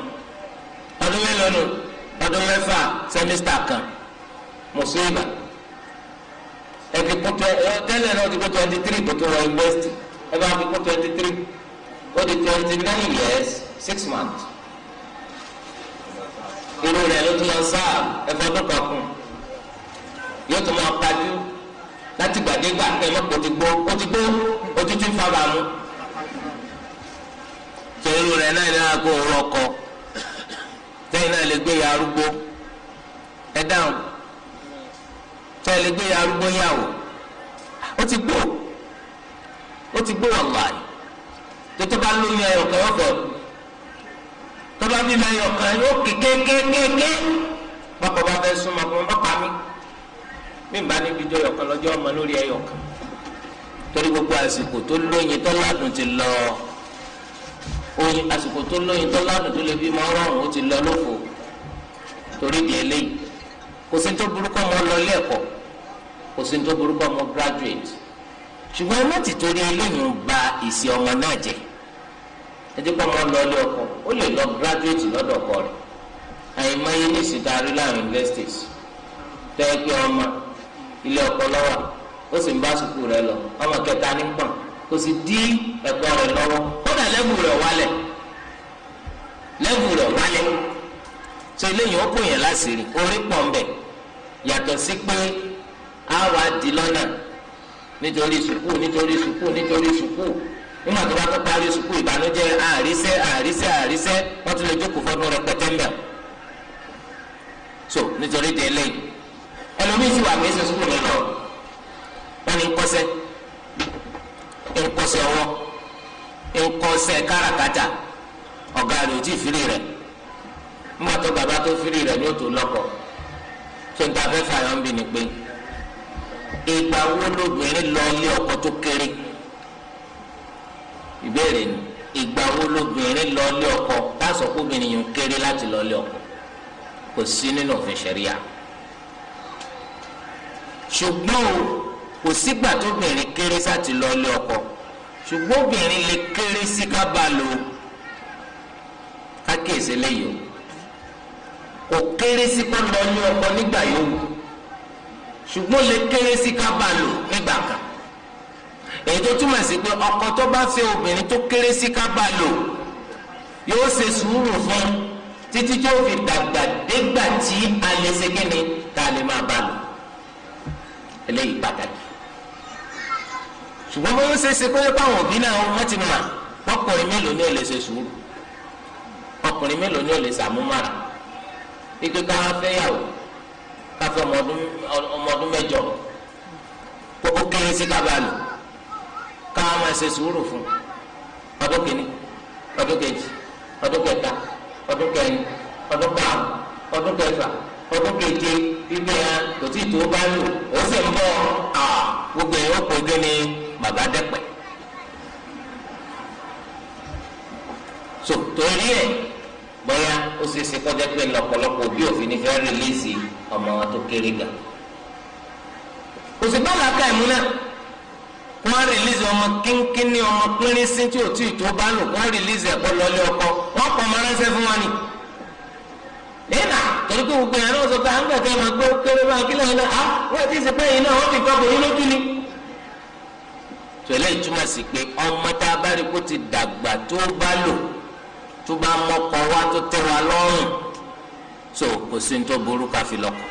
[SPEAKER 1] ọdún mélòó nù ọdún mẹ́fà sẹ́mísítà kan mùsùlùmí ẹ̀fí kún tẹ́lẹ̀ náà ó ti kún twenty three kò tó wọ university ẹ bá fi kún twenty three ó di twenty nine years six months irú rẹ̀ ló tún lọ sáà ẹ̀fọ́ tó kàn kún yóò tún máa pàdé. láti gbàdégbà pé mọ́kò ti gbó ó ti rẹ̀ náà náà kó o náà lè gbé ya arúgbó ẹ dáhùn lè gbé ya arúgbó yàwó ó ti gbó ó ti gbó bá lóyún yóò yóò kékékékéké bàbá bá fẹ́ mímba níbi jọ yọkan lọ́jọ́ ọmọ lórí ẹyọkan torí gbogbo àsìkò tó lóyin tó ládùn ti lọ oyin àsìkò tó lóyin tó ládùn tó lè bí ma rọrùn ó ti lọ lófo torí di eléyìí kò sí tó burúkọ mọ lọ ilé ẹ̀kọ́ kò sí tó burúkọ mọ graduate ṣùgbọ́n ẹ má ti torí eléyìí ń ba ìsì ọmọ náà jẹ ẹtí pọ́ mọ́ lọ ilé ọkọ ó lè lọ graduate lọ́dọ̀ ọkọ rẹ̀ àyìnbáyé ní ìsìta rí láàrin universities tẹ́ ẹ pé ọmọ ilé ọkọ lọ́wọ́ ó sì ń bá sùkúù rẹ̀ lọ ọmọ kẹta ní pọ̀n kò sì dí ẹ̀kọ́ rẹ̀ lọ́wọ́ kódà lẹ́bù rẹ̀ wálẹ̀ lẹ́bù rẹ̀ wálẹ̀ tó eléyìí ó kò yẹn láṣìírí orí pọ̀ ń bẹ̀ yàtọ̀ sí pé á wà di lọ́nà nítorí sùkúù nítorí sùkúù nítorí sùkúù nígbà tó bá tó parí sùkúù ìbànújẹ́ àrísẹ́ àrísẹ́ àrísẹ́ wọ́n ti lè jókòó fọ́dún rẹ̀ pẹ̀tẹ́mbẹ̀ so nítorí délẹ́yìí ẹlòmíì sì wà pé ṣe sùkúrù lọ wọn ni nkọsẹ nkọsẹ ọwọ́ nkọsẹ káràkátà ọ̀gá rẹ̀ ò tí ì firi rẹ̀ nígbà tó bàbá tó firi rẹ̀ ní òtò lọ́kọ tó ń ta afẹ́fẹ́ àyọ̀ ń bì ní pé ìgbà wo lóbìnrin lọ ilé ọkọ tó kéré ìbéèrè ni ìgbà wo lóbìnrin lọ ilé ọkọ táṣọ kóbìnrin yìí kéré láti lọ ilé ọkọ kò sí nínú òfin ṣẹ̀ríà. No ṣùgbọ́n o kò sígbà tóbìnrin kéré sáti lọ ilé ọkọ ṣùgbọ́n obìnrin lè kéré sí kábàlò kákèsí lẹ́yìn o kò kéré sí kó lọ ilé ọkọ nígbà yòówù ṣùgbọ́n lè kéré sí kábàlò nígbà kan èyí tó túmọ̀ sí pé ọkọ tó bá fẹ́ obìnrin tó kéré sí kábàlò yóò ṣe sùúrù fún títí tí ó fi dàgbà dégbà tí a lè ṣe kíni tá a lè máa bá lò eléyìí pàtàkì ṣùgbọ́n bó ṣe ṣe pé báwọn òbí náà wọ́n ti mà ọkùnrin mélòó ní ẹlẹ́sẹ̀ sùúrù ọkùnrin mélòó ní ẹlẹ́sẹ̀ àmúmára ike ká fẹ́yàwó ká fẹ́ ọmọ ọdún mẹ́jọ kókó kéré sí kábàlù ká máa ṣe sùúrù fún ọdún kìíní ọdún kejì ọdún kẹta ọdún kẹrin ọdún karùn ọdún kẹfà ọdún keje wípé ya kò tí tó bá lò ó sì ń bọ̀ à gbogbo ẹ̀ ó pèjọ ní bàbá dẹ́pẹ̀. so torí ẹ̀ bóyá ó ṣe é ṣe kọjá pé lọ́pọ̀lọpọ̀ òbí òfin ni fẹ́ rìlíìsì ọmọ wọn tó kéré gà. kò sí bá làákà ẹ̀mú náà kó wọ́n rìlíìsì ọmọ kínkínní ọmọ pínrín sí tí ò tí tó bá lò kó wọ́n rìlíìsì ẹ̀kọ́ lọ́lé ọkọ wọ́n pọ̀ mọ́ fún wọn ni nínà torí pé gbogbo yẹn náà sọ pé à ń gbẹ̀kẹ́ máa gbé kéré máa kí lẹ́yìn náà ah, wọ́n ti ṣe bẹ́yìn náà wọ́n fi kọ́ bòyí lójú ni. tòlẹ́ ìtumọ̀ sí pé ọmọ tá a bá rí kó ti dàgbà tó bá lò tó bá mọ́kọ wá tó tẹ́ wa lọ́rùn so kò sí ní tó burú ká fi lọ́kọ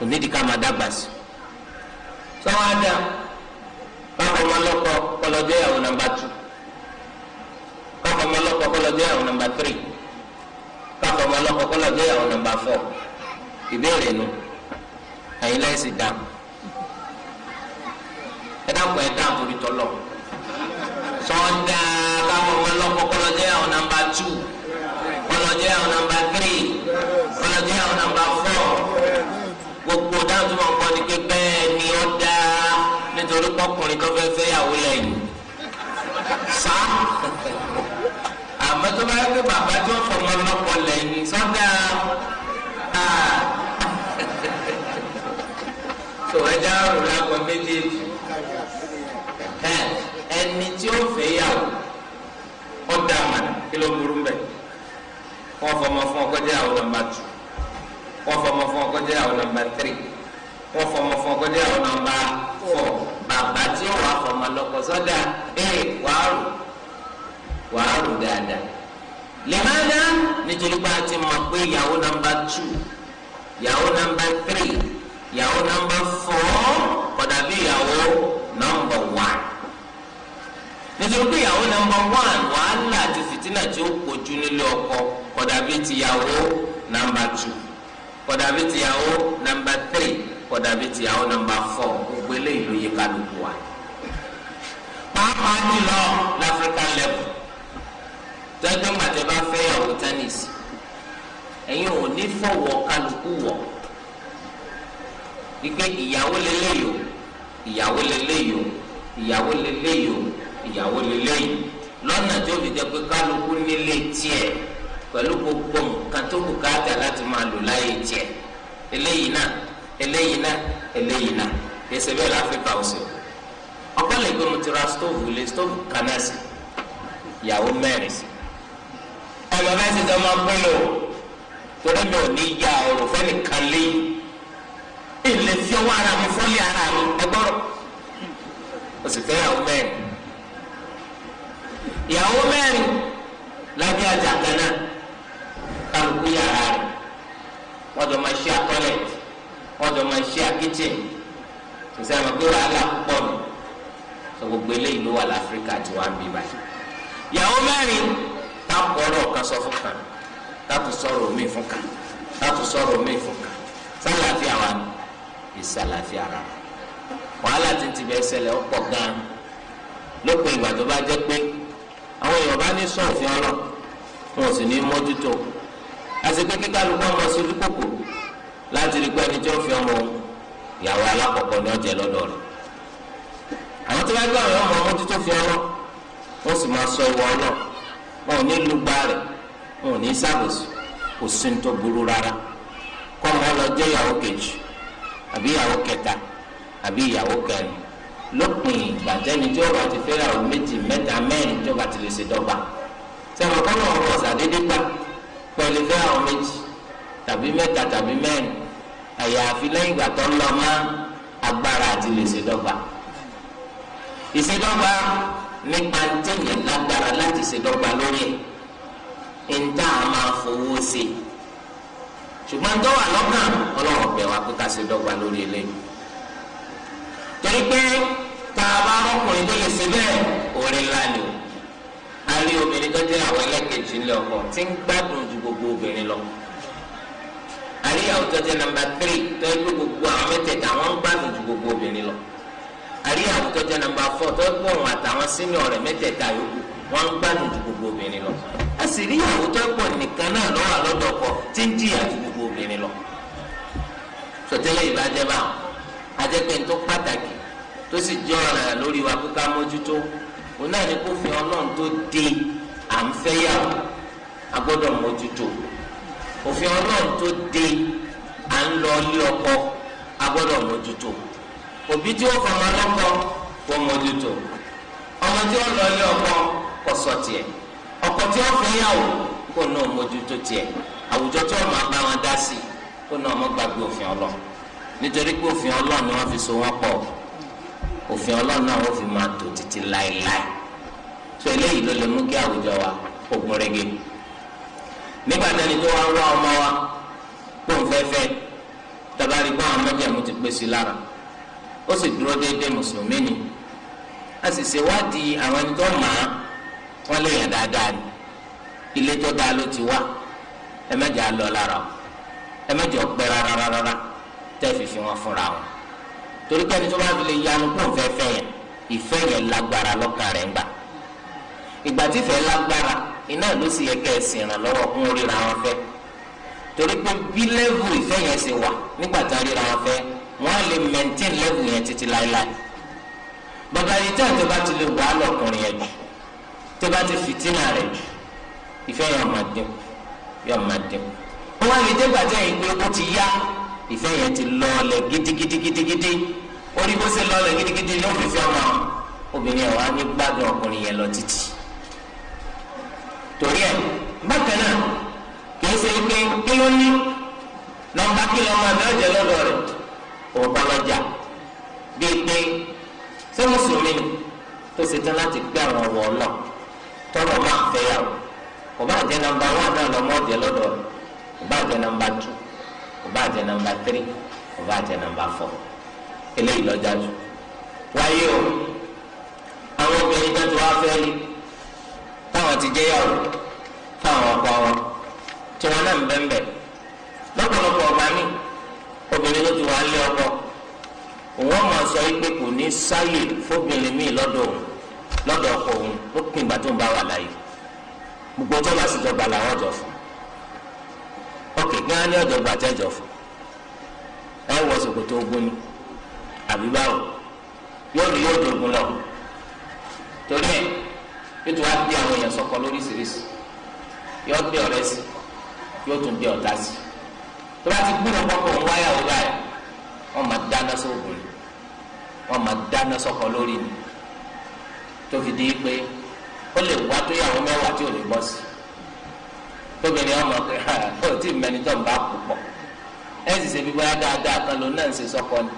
[SPEAKER 1] onídìí ká máa dàgbà sí. sọ́wọ́n á dà kọ́kọ́ ọmọ lọ́kọ kọlọ́jọ́ ìyàwó nàmbà tù kọ́kọ́ ọmọ lọ́kọ kọlọ́jọ́ ìyàwó nàmbà tírì káfọ ọmọ ọlọpọ kọlọ gbéyàwó nọ́mbà fọ ìbéèrè nu ẹ̀yin lẹ́yìn sì dáhùn ẹ dákun ẹ dáhùn torí tọlọ sọńdà káfọ ọmọ ọlọpọ kọlọ gbéyàwó nọ́mbà tù kọlọ gbéyàwó nọ́mbà tírì kọlọ gbéyàwó nọ́mbà fọ gbogbo dáhùn tó máa ni pé ni ó dáa nítorí pọ́kùnrin tó fẹ́ fẹ́ yàwó lẹ́yìn sá àmọ́ tó bá yẹ kó bàbá tó fọmọ lọ. méjèèjì ẹni tí ó fẹ́ yàwó ó dá a mọ̀ kí ló burú mbẹ́ wọ́n fọmọ fún ọkọjẹ́ àwọn nọ́mbà tù wọ́n fọmọ fún ọkọjẹ́ àwọn nọ́mbà tírì wọ́n fọmọ fún ọkọjẹ́ àwọn nọ́mbà fọ̀ bàbá tí ó wà fọmọ lọ́kọ sọ́dà ẹ̀ wàá rò wàá rò dáadáa lẹ́mọ̀dá nítorí pé a ti mọ̀ pé yàwó nọ́mbà tù yàwó nọ́mbà tírì yàwó nọ́mbà fọ̀ọ́. kọ̀dà bí ìyàwó nọ́mbà wán nítorí pé ìyàwó nọ́mbà wán wàhálà àti fìtínà tí ó kojú nílé ọkọ kọ̀dà bí tìyàwó nọ́mbà tù kọ̀dà bí tìyàwó nọ́mbà tírì kọ̀dà bí tìyàwó nọ́mbà fọ gbogbo eléyìí ló yẹ wa pàápàá level tẹ́gbọ́n gbàtẹ́ fẹ́ ìyàwó tẹ́nìsì ẹ̀yin ò ní fọwọ́ kálukú wọ̀ o ìyàwó lélẹ́yìí o ìyàwó lélẹ́yìí o ìyàwó lélẹ́yìí lọ́nà tó fi jẹ́ pé kálukú nílé tiẹ̀ pẹ̀lú gbogbo nǹkan tó kù káàtà láti máa lò láyé tiẹ̀ eléyìí náà eléyìí náà eléyìí náà kẹsẹ̀ bẹ́ẹ̀ láfíríkà ọ̀sẹ̀ ọ̀pọ̀ lè gbé mo ti ra stóòfù lé stóòfù kaná sí ìyàwó mẹ́rin sí ọmọ bá ti dán máa pín lò torí mi ò ní ya ọ̀rọ̀ fẹ́nìkan léyìí èlé fi ọwọ́ ara mi fọ́lé ara mi ẹgbọ́rọ̀ o sì fẹ́ ìyàwó mẹ́rin ìyàwó mẹ́rin lábẹ́ àjà kan náà kálukú yàrá rẹ̀ wọ́n jọ máa ṣe àtọ́lẹ̀tì wọ́n jọ máa ṣe àkítsìn kò sí àwọn gbéra àlà púpọ̀ nù sọ gbogbo eléyìí ló wà láfíríkà tí wọ́n bí báyìí ìyàwó mẹ́rin táàpù kan sọ fún kan táàtù sọ̀rọ̀ fún kan táàtù sọ̀rọ̀ fún kan sálàáfíà wa ni. ìsàlàfíà ara wàhálà tí ń tibẹ̀ ṣẹlẹ̀ gan lópin ìgbà tó bá jẹ́ pé àwọn èèyàn bá ní ọlọ wọn ò sì ní mójútó àti pé kíkálukú ọmọ sójú kòkò láti rí pé ẹni tí ó fi ọmọ ìyàwó alákọ̀ọ́kọ́ ní ọjà lọ́dọ̀ rẹ̀ àwọn ọlọ wọn sì sọ ìwọ ọlọ wọn ò ní wọn ò ní sábòsì kò sí ní tó burú rárá àbí ìyàwó kẹta àbí ìyàwó kẹrin lópin ìgbà tẹ́ni tí ó bá ti fẹ́ àwọn méjì mẹ́ta mẹ́rin tí ó bá ti lè ṣe dọ́gba sẹ́wọ̀n kọ́nà ọ̀rọ̀ ṣàdédé gbà pẹ̀lú fẹ́ àwọn méjì tàbí mẹ́ta tàbí mẹ́rin àyàfi lẹ́yìn ìgbà tó ń lọ mọ́ agbára àti lè ṣe dọ́gba ìṣèdọ́gba nípa tẹ̀yẹ̀ lágbára láti ṣèdọ́gba lórí ẹ̀ ń tá a máa fowó ṣe ṣùgbọ́n tó wà lọ́kàn ọlọ́run bẹ̀ wá pé ká ṣe dọ́gba lórí eléyìí. torí pé tá a bá rọ́kùnrin tó lè ṣe bẹ́ẹ̀ orin ńlá ni a rí obìnrin tó jẹ́ àwọn ẹlẹ́kejì ńlẹ̀ ọkọ tí ń gbádùn ju gbogbo obìnrin lọ. a rí àwọn tó jẹ́ nàmbà tírì tó ń gbé gbogbo àwọn mẹ́tẹ̀ẹ̀ta wọ́n ń gbádùn ju gbogbo obìnrin lọ. a rí àwọn tó jẹ́ nàmbà fọ́ tó ń gbọ́ òun àtàwọn sínìọ̀ rẹ̀ mẹ́tẹ̀ẹ̀ta yòókù wọ́n ń gbádùn ju gbogbo obìnrin lọ. a sì rí àwọn tó ń nìkan náà lọ́wọ́ obìnrin lọ sọtẹ́lẹ̀ ìbàjẹ́ bá ajẹ́pẹ́ tó pàtàkì tó sì jẹ́ ọ̀ràn lórí wa kóká mójútó òun náà ni kó fi ọlọ́run tó dé à ń fẹ́yàwó a gbọ́dọ̀ mójútó òfin ọlọ́run tó dé à ń lọ ilé ọkọ a gbọ́dọ̀ mójútó òbí tí ó fọmọ lọ́kọ kó mójútó ọmọ tí ó lọ ilé ọkọ kó ṣọ́ tiẹ̀ ọkọ tí ó fẹ́yàwó kó náà mójútó tiẹ̀ àwùjọ tí wọn máa bá wọn dá sí kó náà wọn gbàgbé òfin Ọlọ́run nítorí pé òfin Ọlọ́run ni wọn fi so wọn pọ̀ òfin Ọlọ́run náà wọn fi máa tò títí láéláé tó eléyìí ló lè mú kí àwùjọ wa ogun rege nígbà tẹni tó wá wá ọmọ wa kó ń fẹ́fẹ́ tabari kó àwọn mọ́jàmú ti pèsè lára ó sì dúró déédéé mùsùlùmí ni a sì ṣèwádìí àwọn ẹni tó mọ̀ ọ́n lè yàn dáadáa ilé tó dáa ló ti wá ẹ mẹjọ alọ lára o ẹ mẹjọ pẹ rárá rárá tẹ fífi wọn fúnra wọn torí pé ẹni tó bá fi lè yanu kó n fẹ́ fẹ́ yẹn ìfẹ́ yẹn lágbára lọ́kàn rẹ̀ ń gbà ìgbà tí ìfẹ́ lágbára iná ló sì yẹ kẹ́ ẹ sì ràn lọ́wọ́ fún ríra wọn fẹ́ torí pé bí lẹ́vù ìfẹ́ yẹn ṣe wà nígbà tá a ríra wọn fẹ́ wọ́n lè maintain lẹ́vù yẹn títí láéláé bàbá yìí tẹ́ tó bá ti lè wà á yẹn jù tó bá ti fìtínà rẹ̀ jù ìfẹ́ yẹn máa dín kù yóò máa dín kù wọn lè dé gbàdé yìí pé ó ti yá ìfẹ́ yẹn ti lọ́ọ̀lẹ̀ gidigidigidigidi orí bó ṣe lọ́ọ̀lẹ̀ gidigidi ló fi fẹ́ ọmọ obìnrin ẹ̀ wá ní gbádùn ọkùnrin yẹn lọ títì torí ẹ̀ bákan náà kìí ṣe pé kí ló ní nọ́mbà kí lọ́mọ abẹ́ ọ̀jẹ̀ lọ́dọ̀ rẹ̀ òǹkà lọ́jà bíi pé ṣé mùsùlùmí tó ṣe tán láti gbé àwọn ọ̀wọ́ náà tọ́lọ̀ máa fẹ́ yàwó kò bá jẹ nàmbà wán náà lọ́mọ jẹ lọ́dọ̀ rẹ̀ kò bá jẹ nàmbà tù kò bá jẹ nàmbà tírì kò bá jẹ nàmbà fọ eléyìí lọ́jà jù wáyé o àwọn obìnrin tó ti wá fẹ́ rí táwọn ti jẹ́ yàwó táwọn ọkọ wọn tí wọn náà ń bẹ́ẹ̀ bẹ́ẹ̀ lọ́pọ̀lọpọ̀ ọ̀gbà mi obìnrin ló ti wà lé ọkọ òun ọmọ sọ yìí pé kò ní sáyè fóbìnrin míì lọ́dọ̀ òun lọ́dọ̀ ọkọ òun ó pin ìgbà tó ń bá wà láyé gbogbo tó bá sì dọ́gba làwọn jọ fún ok gán ní ọ̀dọ̀ gbà tẹ́jọ fún ẹ wọ ṣòkòtò ogun ni àbí báwo yóò ní yóò dogun lọ torí ẹ ètò wa bí àwọn èèyàn sọkọ lóríṣiríṣi yóò bí ọ̀rẹ́ sí yóò tún bí ọ̀tá sí tó bá ti gbúdọ̀ pọ̀pọ̀ ń wáyà ọ̀gá ẹ̀ wọ́n máa dáná sóògùn ni wọ́n máa dáná sọkọ lórí ni tó fi di pé ó lè wá tó yàwó mẹ́wàá tí ò ní bọ́ sí lóbìnrin ọmọ pé ha ó tí mẹni tó ń bá kú pọ̀ ẹ sì ṣe bí bóyá dáadáa kan ló náà ń ṣe sọ́kọ ni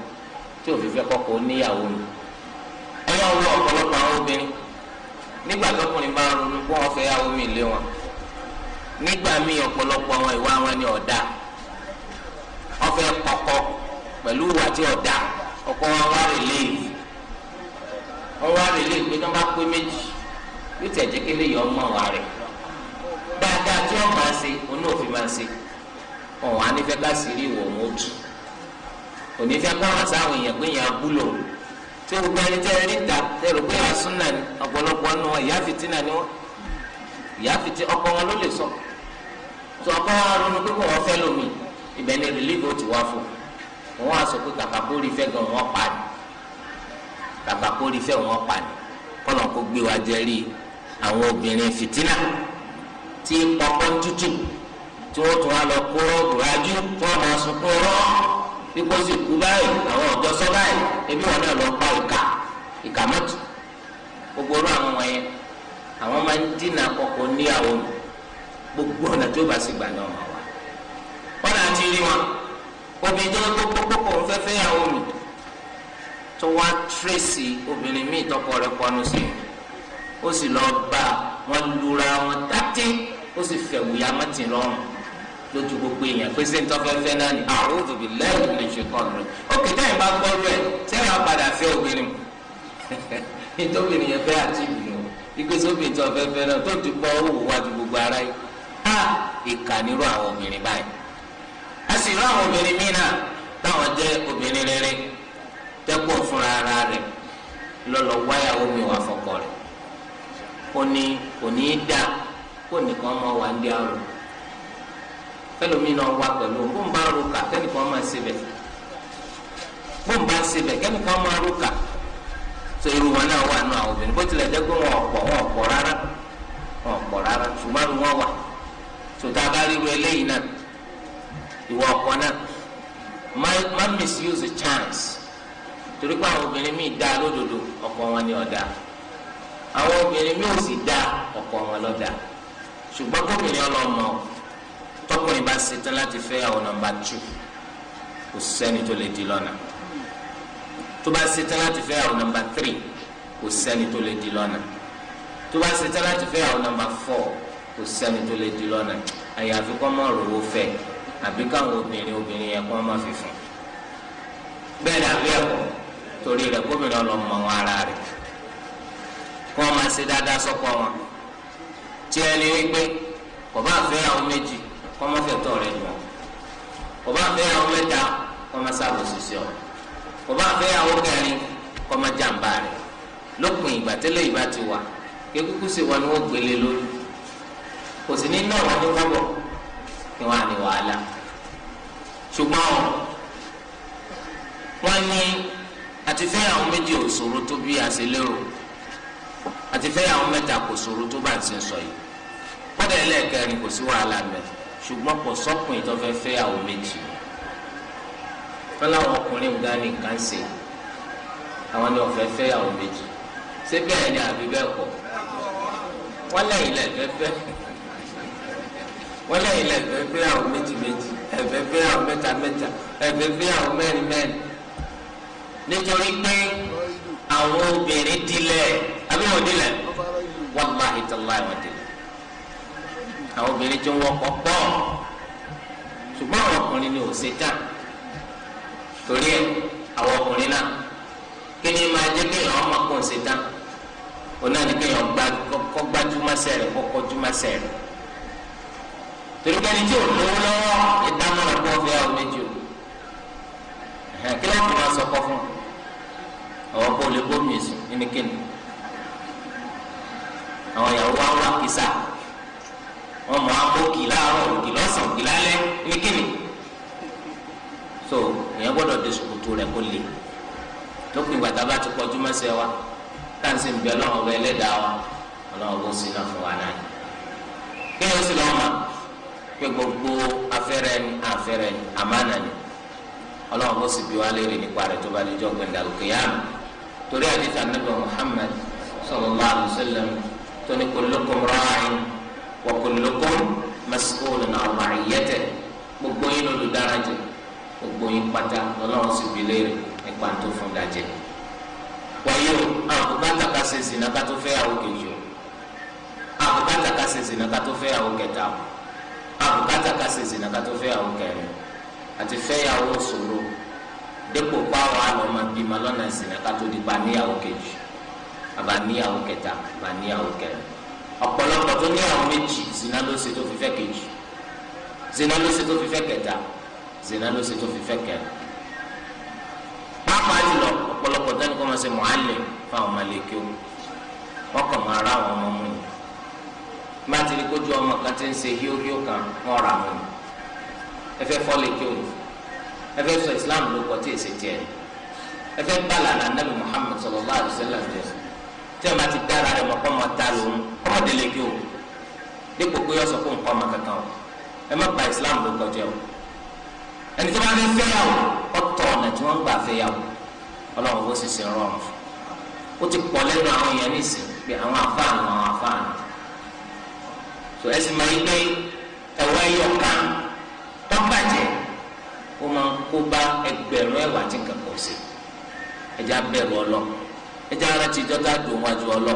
[SPEAKER 1] tí ò fi fẹ́ kọ́kọ́ níyàwó ni ẹ máa ń wọ ọ̀pọ̀lọpọ̀ àwọn obìnrin nígbà tọkùnrin bá ń ronú kó wọn fẹ́ yàwó mi lé wọn nígbà míì ọ̀pọ̀lọpọ̀ àwọn ìwà wọn ni ọ̀dà wọn fẹ́ kọ́kọ́ pẹ̀lú ìwà tí ọ̀dà ọkọ wọn wá rè léyìí wọn wá rè léyìí pé tí wọn bá pé méjì yóò tẹ̀ jẹ́ kí eléyìí ọmọ wa rẹ̀ dáadáa tí wọ́n máa ṣe oní òfin máa ṣe ọ̀hún anífẹ́ ká sì rí ìwọ̀ wọn tù onífẹ́ kọ́ sáwọn èèyàn pé èèyàn abúlò tí gbogbo ẹni tẹ́ ẹ rí ta ẹrù pé àsún náà ni ọ̀pọ̀lọpọ̀ nù wọn ìyá fìtí náà ni wọn ìyá fìtí ọkọ wọn ló lè sọ tó ọkọ wọn ronú pé kò wọ́n fẹ́ lómi ibẹ̀ ni rìlíìfù ó ti wá fún un wọn á sọ pé kàkà kó rí fẹ́ gan wọn pa ni kàkà kó rí fẹ́ wọn pa ni kọ́nà kó gbé wa jẹ́ rí i àwọn obìnrin fìtínà tí pọpọ tútù tí wọ́n tún wá lọ kó rọọdù rájú tí wọ́n máa sunkún rọ pípọ́ sí ikú báyìí àwọn ọ̀dọ́ sọ báyìí ebi wọn náà lọ pa ìka ìka mọ́tò gbogbo orú àwọn wọ̀nyẹn àwọn máa ń dínà kọ́kọ́ níyàwó gbogbo ọ̀nà tó bá sì gbà náà wà wá wọn náà ti rí wọn obìnrin tó ń tó kókókó ń fẹ́ fẹ́ yàwó mi tó wá tírèsì obìnrin míì tọkọ rẹ̀ pọnú sí i ó sì lọ bá wọn lura wọn tátí ó sì fẹ̀wù ya mọ́tì lọ́rùn lójú gbogbo èèyàn pé ṣé ń tọ́ fẹ́ fẹ́ náà ni a'udhu billahi minash shaitanir rajim ó kì í dáhìn bá gbọ́ rẹ̀ sẹ́wọ̀n padà fẹ́ obìnrin *laughs* nítorí ènìyàn fẹ́ àti ìbìnrin o ìgbésẹ̀ obìnrin tó fẹ́ fẹ́ náà tó ti gbọ́ owó wájú gbogbo ara yìí á ìkànnìrú àwọn obìnrin báyìí a sì rán àwọn obìnrin míì náà táwọn jẹ́ obìnrin rere tẹ́pọ̀ fúnra ara rẹ̀ lọ́lọ́ wáyà omi wà fọkọ rẹ̀ ó ní kò ní í dá kó nìkan mọ wà ń di àrò fẹlẹmínà wà pẹ̀lú bó ń bá roka kẹnìkan máa ṣe bẹ bó ń bá ṣe bẹ kẹnìkan máa roka tó irú wọn náà wà nù àwọn obìnrin bó tilẹ̀ jẹ́ pé wọn ọ̀pọ̀ wọn ọ̀pọ̀ rárá wọn ọ̀pọ̀ rárá ṣùgbọ́n àrùn wọn wà tòtá bá ríru eléyìí náà ìwọ ọkọ náà má misuse chance torí pé àwọn obìnrin míì dá lódodo ọkọ wọn ni ọ̀dà àwọn obìnrin mi ò sì dá ọkọ wọn lọ́dà ṣùgbọ́n kóbìnrin ọlọ́mọ tọkùnrin bá ṣetán láti fẹ́ àwọn nọ́mbà tù kò sẹ́ni tó lè di lọ́nà tó bá ṣetán láti fẹ́ àwọn nọ́mbà tírì kò sẹ́ni tó lè di lọ́nà tó bá ṣetán láti fẹ́ àwọn nọ́mbà fọ́ kò sẹ́ni tó lè di lọ́nà àyàfi kọ́ mọ́ òróró fẹ́ àbí káwọn obìnrin obìnrin yẹn kọ́ mọ́ fífún bẹ́ẹ̀ ni àbí ẹ̀kọ́ torí rẹ̀ kóbìnrin ọlọ́mọ wọn ara rẹ̀ kí wọ́n máa ṣe dáadáa sọ́kọ wọn tí ẹni wípé kò bá fẹ́ àwọn méjì kó má fẹ́ tọ̀ rẹ̀ jù ọ́ kò bá fẹ́ àwọn mẹ́ta kó má sábò sísè ọ́ kò bá fẹ́ àwọn kẹrin kó má jàǹbá rẹ̀ lópin ìgbà tẹ́lẹ̀ ìbá ti wà kékuku sì wà ní wọ́n gbélé lórí kò sí ní náà wọ́n ní kọ́bọ̀ kí wọ́n á ní wàhálà ṣùgbọ́n wọ́n ní àti fẹ́ àwọn méjì òṣòro tó bí àṣẹ lérò àti fẹ́yàwó mẹ́ta kò ṣòro tó bá ń ṣe sọ yìí kọ́dà ẹlẹ́ẹ̀kẹrin kò sí wàhálà mẹ́ ṣùgbọ́n kò sọ́kùn ìtọ́fẹ́ fẹ́yàwó méjì fọláwọn ọkùnrin ńgá ní nǹkan ṣe àwọn ni ọ̀fẹ́ fẹ́yàwó méjì ṣé bẹ́ẹ̀ ni àbí bẹ́ẹ̀ kọ́ wọ́n lẹ́yìn lẹ́fẹ́ fẹ́ wọ́n lẹ́yìn lẹ́fẹ́ fẹ́yàwó méjì méjì ẹ̀fẹ́ fẹ́yàwó mẹ́ta mẹ́ta ẹ̀fẹ́ fẹ́yàwó mẹ́rin mẹ́rin nítorí pé àwọn obìnrin dilẹ̀ àbí wọn dilẹ̀ wàláhi tàlá wọn dilẹ̀ àwọn obìnrin tí wọ́n kọ́ pọ̀ ṣùgbọ́n àwọn ọkùnrin ni ò ṣe tán torí ẹ̀ àwọn ọkùnrin náà kí ni máa jẹ́ kéèyàn ọmọ kò ṣe tán òun náà ni kéèyàn kọ́ gbájúmọ́sẹ̀ rẹ̀ kọ́ kọjúmọ́sẹ̀ rẹ̀ torí pé ẹni tí ò lówó lọ́wọ́ ìdámọ̀ràn kọ́ fẹ́ ọ méjì o kí ló ń fi máa sọ kọ́ fún ọ ọ̀pọ̀ olè bómi èso ẹnikẹ́ni àwọn ìyàwó wa ń wá kìsà wọn mọ abókì láàárọ̀ òkì lọ́sàn òkì lálẹ́ ní kíni so èèyàn gbọ́dọ̀ dé sòkòtò rẹ̀ kó le lópin ìgbà tá a bá ti pọ̀jú mẹsẹ̀ wa táǹsì ń bẹ Ọlọ́run ọbẹ Ẹlẹ́dàá wa Ọlọ́run ọbẹ òsì náà fún wa náà kí ni ó sì lọ́wọ́ mà pé gbogbo afẹ́rẹ́ ni afẹ́rẹ́ ni àmánà ni Ọlọ́run ọbẹ òsì bí wa léèrè nípa rẹ̀ tó bá lè jọ gbẹ̀dà òkè torí àdìsá nàbẹ Muhammad sallallahu alaihi wasallam tóní kullukum ra'in wa kullukum mas'ulun an ra'iyyatihi gbogbo yín olùdarajẹ gbogbo yín pátá lọ́lọ́run sì bi léèrè nípa tó fún dájẹ. wáyé o àwọn kò bá tàka ṣe zina ká tó fẹ́ àwọn kejì o àwọn kò bá tàka ṣe zina ká tó fẹ́ àwọn o àwọn kò bá tàka ṣe zina ká tó fẹ́ àwọn kẹrin àti fẹ́yàwó ṣòro dépò pàwọn àlọ́ máa bímọ lọ́nà ìsìnà ká di pa níyàwó kejì aba níyàwó kẹta aba níyàwó kẹrin ọ̀pọ̀lọpọ̀ tó níyàwó méjì zina ló ṣe tó fi fẹ́ kejì zina ló ṣe tó fi fẹ́ kẹta zina ló ṣe tó fi fẹ́ kẹrin pàápàá jùlọ ọ̀pọ̀lọpọ̀ tẹ́lẹ̀ kọ́ máa ṣe mọ̀álẹ̀ fáwọn ọmọlẹ́kẹ́ o wọ́n kàn máa ra àwọn ọmọ mú ni má ti rí kójú ọmọ kan ti ń ṣe híóhíó kan wọ́n rà mú ni ẹ fẹ́ fọ́lẹ́kẹ́ o ẹ fẹ́ sọ Islam ló kọ́ tí èsì tiẹ̀ ẹ fẹ́ bá lànà nàbì Muhammad sallallahu alaihi wasallam tí wọn bá ti dára rẹ mọ kọmọ ta lòun kọmọ délé kí o dípò pé yọ sọ fún nǹkan ọmọ kankan o ẹ má gba islam ló kọjá o ẹni tí wọn bá fẹ́ yà o ọ̀tọ̀ ọ̀nà tí wọ́n gbà fẹ́ yà o ọlọ́run ó sì ṣe rọrùn ó ti pọ̀ lẹ́nu àwọn èèyàn nísìn pé àwọn afáànù àwọn afáànù tó ẹ sì máa yí pé ẹ̀wọ́ ẹyọ kan tó bàjẹ́ ó máa ń kó bá ẹgbẹ̀rún ẹ̀wà tí nǹkan sí ẹ̀já bẹ̀rù ọlọ́run ẹjẹ ara ti jọ ká dùn wájú ọlọ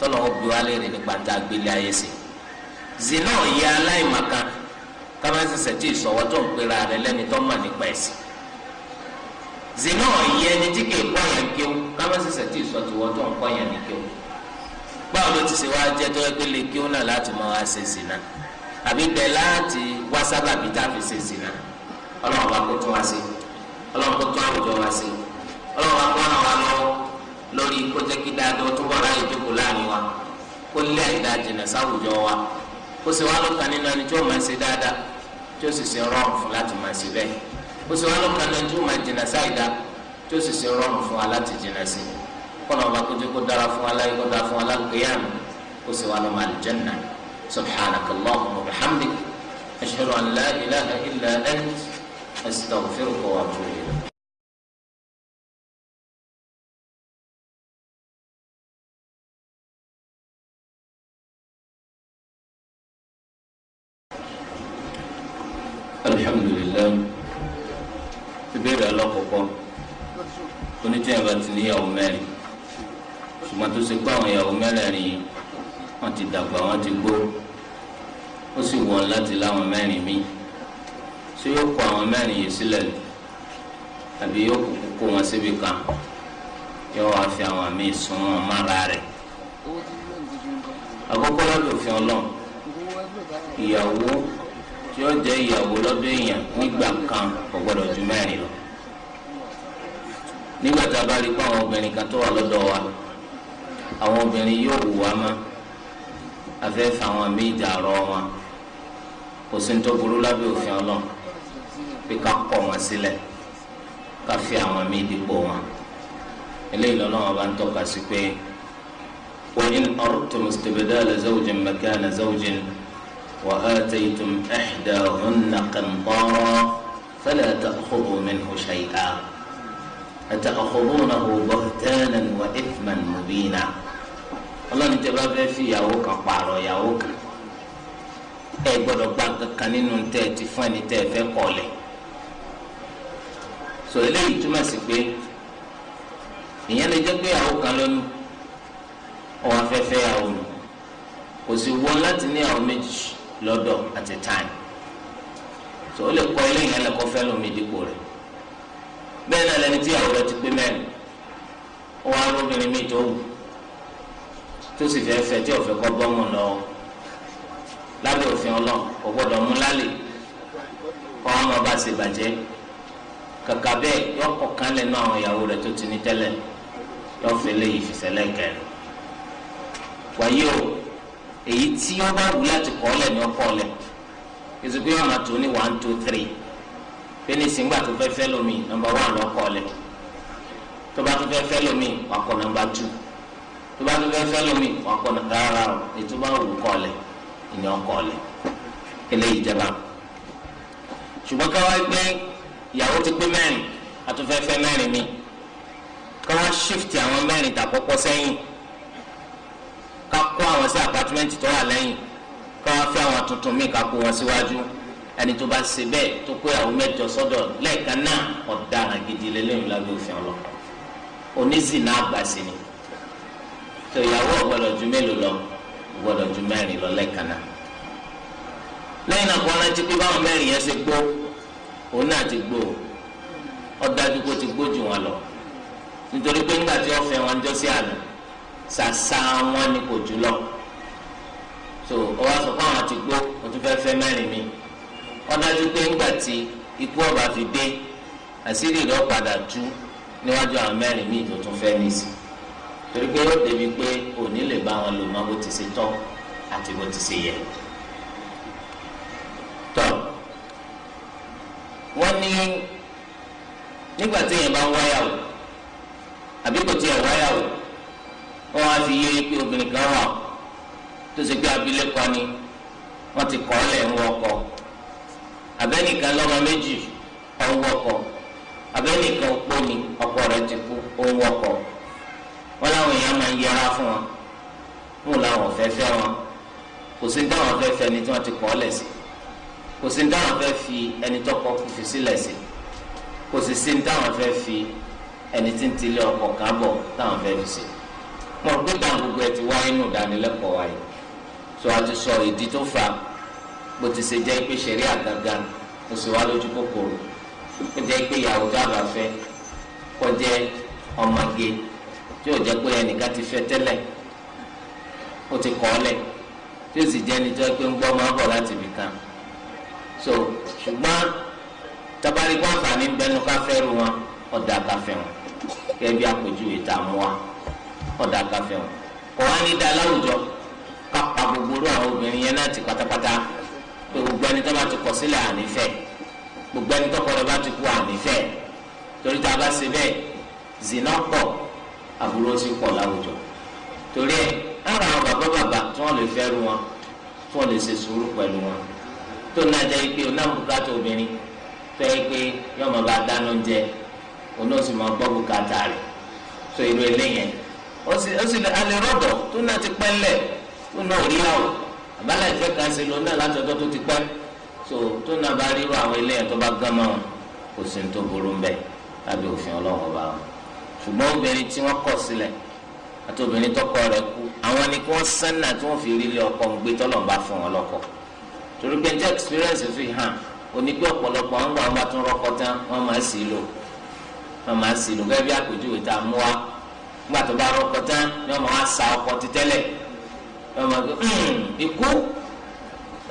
[SPEAKER 1] tọlọ wọn bí wá léèrè nípa tá a gbélé ayé sí zina ọ̀yẹ́ aláìmọ̀kan kábàáṣẹ̀ṣẹ̀ tí ìsọ̀wọ́ tó ń pera rẹ lẹ́ni tó mọ̀ nípa ẹ̀sìn zina ọ̀yẹ́ ni tí kò kọ́ yẹn kí o kábàáṣẹ̀ṣẹ̀ tí ìsọ̀ tiwọ́ tó ń kọ́ yẹn ní kí o báwo ló ti ṣe wá jẹ́ tó yẹ lè kí náà láti mọ wá ṣe zina àbí bẹ́ẹ̀ láti wá sábà bí tá a fi ṣe zina ọlọ́run bá kó tún wá sí ọlọ́run kó tún àwùjọ wá sí ọlọ́run bá kó àwọn àlọ́ lórí kọjáki dáadọ́ tó wà láyé jókòó láàrin wa kó lé àìdá jìnnà sáwùjọ wa ó sì wá lọ́kàn nínú ẹni tí ó máa ṣe dáadáa tí ó sì ṣe rọrùn fún láti máa ṣe bẹ́ẹ̀ ó sì wá lọ́kàn nínú ẹni tí ó máa jìnnà sáìdá tí ó sì ṣe rọrùn fún wa láti jìnnà sí i kọ́nà ọba kójú kó dára fún wa láyé kó dára fún wa lágbèyàmù ó sì wá lọ́mọ àlùjẹ́nà subhanaka wa bihamdik ti níyàwó mẹ́rin ṣùgbọ́n tó ṣe pé àwọn ìyàwó mẹ́rẹ̀ẹ̀rin wọ́n ti dàgbà wọ́n ti gbó ó sì wọ̀n láti láwọn mẹ́rin míì ṣé yóò kó àwọn mẹ́rin yìí sílẹ̀ àbí yóò kúkú kó wọn síbi kan yóò wá fi àwọn míì sún wọn mára rẹ̀ àkọ́kọ́ lábẹ́ òfin ọlọ́run ìyàwó tí ó jẹ́ ìyàwó lọ́dún èèyàn nígbà kan kò gbọ́dọ̀ ju mẹ́rin lọ nígbà tá a bá rí i pé àwọn obìnrin kan tó wà lọ́dọ̀ wa àwọn obìnrin yóò wù wá mọ́ afẹ́fẹ́ àwọn míì dàrọ́ wọn kò sí ní tó burú lábẹ́ òfin ọlọ́run pé ká kọ̀ wọn sílẹ̀ ká fi àwọn míì dípò wọn eléyìí lọ́lọ́wọ́n bá ń tọ́ka sí pé وإن أردتم استبدال زوج مكان زوج وآتيتم إحداهن قنطارا فلا تأخذوا منه شيئا àtàkọ̀kọ̀bọ̀nàwò bọ̀tẹ́nàn wà ithman mubina ọlọ́run tẹ bá fẹ́ fi ìyàwó kan pààrọ̀ ìyàwó kan ẹ gbọ́dọ̀ gba kankan nínú tẹ́ ẹ ti fún ẹni tẹ́ ẹ fẹ́ kọ̀ọ̀lẹ̀ sọ eléyìí túmọ̀ sí pé ìyẹn lè jẹ́ pé ìyàwó kan lọ́nu ọwọ́ afẹ́fẹ́ ìyàwó nù kò sì wọ́n láti ní ìyàwó méjì lọ́dọ̀ àti táìmù sọ ó lè kọ́ eléyìí ẹ lẹ́kọ́ fẹ́ lómi dípò rẹ̀ bẹ́ẹ̀ náà lẹni tí àwọn ọ̀rọ̀ ti pé mẹ́rin wọn á lóbìnrin mi tó wù tó sì fẹ́ fẹ́ tí ọ̀fẹ́ kọ́ bọ́mù lọ lábẹ́ òfin ọlọ́run kò gbọ́dọ̀ mú lálẹ́ kọ́ ọmọ bá ṣe bàjẹ́ kàkà bẹ́ẹ̀ yọ kọ̀ọ̀kan lẹ́nu àwọn ìyàwó rẹ̀ tó ti ní tẹ́lẹ̀ yọ fẹ́ léyìí fìṣẹ́lẹ̀ kẹrin wàyí o èyí tí wọn bá wù láti kọ́ ọ lẹ̀ ni ọ kọ́ ọ lẹ̀ tó ní one two three pélé sìngbà tó fẹ́ fẹ́ lómi nọmba wán lọ kọ́ lẹ̀ tó bá tó fẹ́ fẹ́ lómi wà kọ́ nọmba tù tó bá tó fẹ́ fẹ́ lómi wà kọ́ rárá o ètò bá wù kọ́ lẹ̀ ìyẹn kọ́ lẹ̀ kélé ìjẹba ṣùgbọ́n káwá gbé ìyàwó ti pé mẹ́rin àtúnfẹ́fẹ́ mẹ́rin mi káwá shift àwọn mẹ́rin tàkọ́kọ́ sẹ́yìn ká kó àwọn sí apátímẹ́ǹtì tó wà lẹ́yìn káwá fẹ́ àwọn tuntun míì ká kó wọn síwájú. Si ẹni tó bá ṣe bẹ́ẹ̀ tó kó ìyàwó mẹ́jọ sọ́dọ̀ lẹ́ẹ̀kan náà ọ̀daràn gidi lélẹ́yìn lábẹ́ òfin ọlọ onízì náà gbàsí ni tó ìyàwó ọ̀gbọ́dọ̀ ju mélòó lọ ọ̀gbọ́dọ̀ ju mẹ́rin lọ lẹ́ẹ̀kan náà lẹ́yìn náà kó wọn rántí pé báwọn mẹ́rin yẹn ṣe gbó òun náà ti gbó ọ̀dájú kó ti gbó ju wọn lọ nítorí pé nígbà tí wọ́n fẹ́ wọn jọ sí àná ṣàṣà wọn ni kò jù lọ so ọwọ́ sọ fún àwọn àti gbó òtún fẹ́ fẹ́ mẹ́rin mi ọdájú pé ńgbà tí ikú ọba fi dé àṣírí rẹ̀ padà tú níwájú àwọn mẹ́rin míì tó tún fẹ́ nìsí torí pé yóò débi pé òní lè bá wọn lò má bó ti ṣe tọ́ àti bó ti ṣe yẹ. tọ́ wọ́n ní nígbà tí èèyàn bá ń wáyàwó àbí kò tiẹ̀ wáyàwó wọ́n á fi yé pé obìnrin kan wà tó ṣe pé abilékọ ni wọ́n ti kọ́ ọ́ lẹ̀ ń abẹ́nìkan lọ́mọ méjì ọ̀wọ́kọ̀ abẹ́nìkan pọ́ni ọkọ rẹ̀ ti kú ọ̀wọ́kọ̀ wọn làwọn èèyàn máa ń yẹra fún wọn wọn làwọn fẹ́ fẹ́ wọn kò sí dáhùn fẹ́ fẹ́ ẹni tí wọ́n ti kọ́ lẹ̀ sí kò sí dáhùn fẹ́ fi ẹni tọkọ fi sílẹ̀ sí kò sì sí dáhùn fẹ́ fi ẹni tí ń tilé ọkọ̀ kábọ̀ dáhùn fẹ́ fi sí wọn gbé gbogbo ẹ ti wáyé nù dánilẹ́kọ̀ọ́ wáyé tó a ti sọ ìdí tó fa bó ti ṣe jẹ́ pé ṣẹ̀rí àgàgà kò sì wá lójú kòkòrò ó jẹ́ pé ìyàwó dábàá fẹ́ kó jẹ́ ọmọge tí ò jẹ́ pé ẹnìkan ti fẹ́ tẹ́lẹ̀ ó ti kọ́ ọ́ tí ó sì jẹ́ ẹni tó yẹ pé ń gbọ́ máa bọ̀ láti ibì kan so ṣùgbọ́n tabarikun àǹfààní bẹnu káfẹ́rù wọn ọ̀dà káfẹ́ wọn kẹ́ bí àpèjúwe tá a mú wa ọ̀dà káfẹ́ wọn kọ́ wá ní dá láwùjọ ká pa gbogbo irú àwọn obìnrin yẹn náà ti pátápátá pé gbogbo ẹni tó bá ti kọ̀ sílẹ̀ ànífẹ́ gbogbo ẹni tó kọ̀rọ̀ bá ti kú ànífẹ́ torí tá a bá ṣe bẹ́ẹ̀ zina pọ̀ àbúrò sí pọ̀ láwùjọ torí ẹ̀ ara àwọn bàbá bàbá tí wọ́n lè fẹ́ ru wọn tí wọ́n lè ṣe sùúrù pẹ̀lú wọn tó náà jẹ́ pé onábùkátà obìnrin fẹ́ pé yọ̀mọ̀ bá dáná oúnjẹ onóòsì máa gbọ́ bùkátà rẹ̀ so irú eléyẹn ó sì alẹ́ rọ́dọ̀ tó náà ti pẹ́ lẹ̀ tó náà rí àbálẹ̀ ìfẹ́ kan ṣe lọ náà láti ọjọ́ ti pẹ́ so tó náà bá ríru àwọn ilé yẹn tó bá gán mọ́ wọn kò sí ní tó burú ń bẹ̀ lábẹ́ òfin ọlọ́run ọba wọn ṣùgbọ́n obìnrin tí wọ́n kọ̀ sílẹ̀ àti obìnrin tọkọ rẹ̀ kú àwọn ni kí wọ́n sánà tí wọ́n fi rí ilé ọkọ ń gbé tọ́lọ̀ fún wọn lọ́kọ torí pé njẹ́ experience fi hàn onígbé ọ̀pọ̀lọpọ̀ àwọn àwọn bá tún rọ́kọ tán wọ́n máa sì lò wọ́n máa sì lò gẹ́gẹ́ bí àpèjúwe tá a mú wa nígbà tó bá rọ́kọ tán ni wọ́n máa sa ọkọ ti lọ́mọ tó hmm, ikú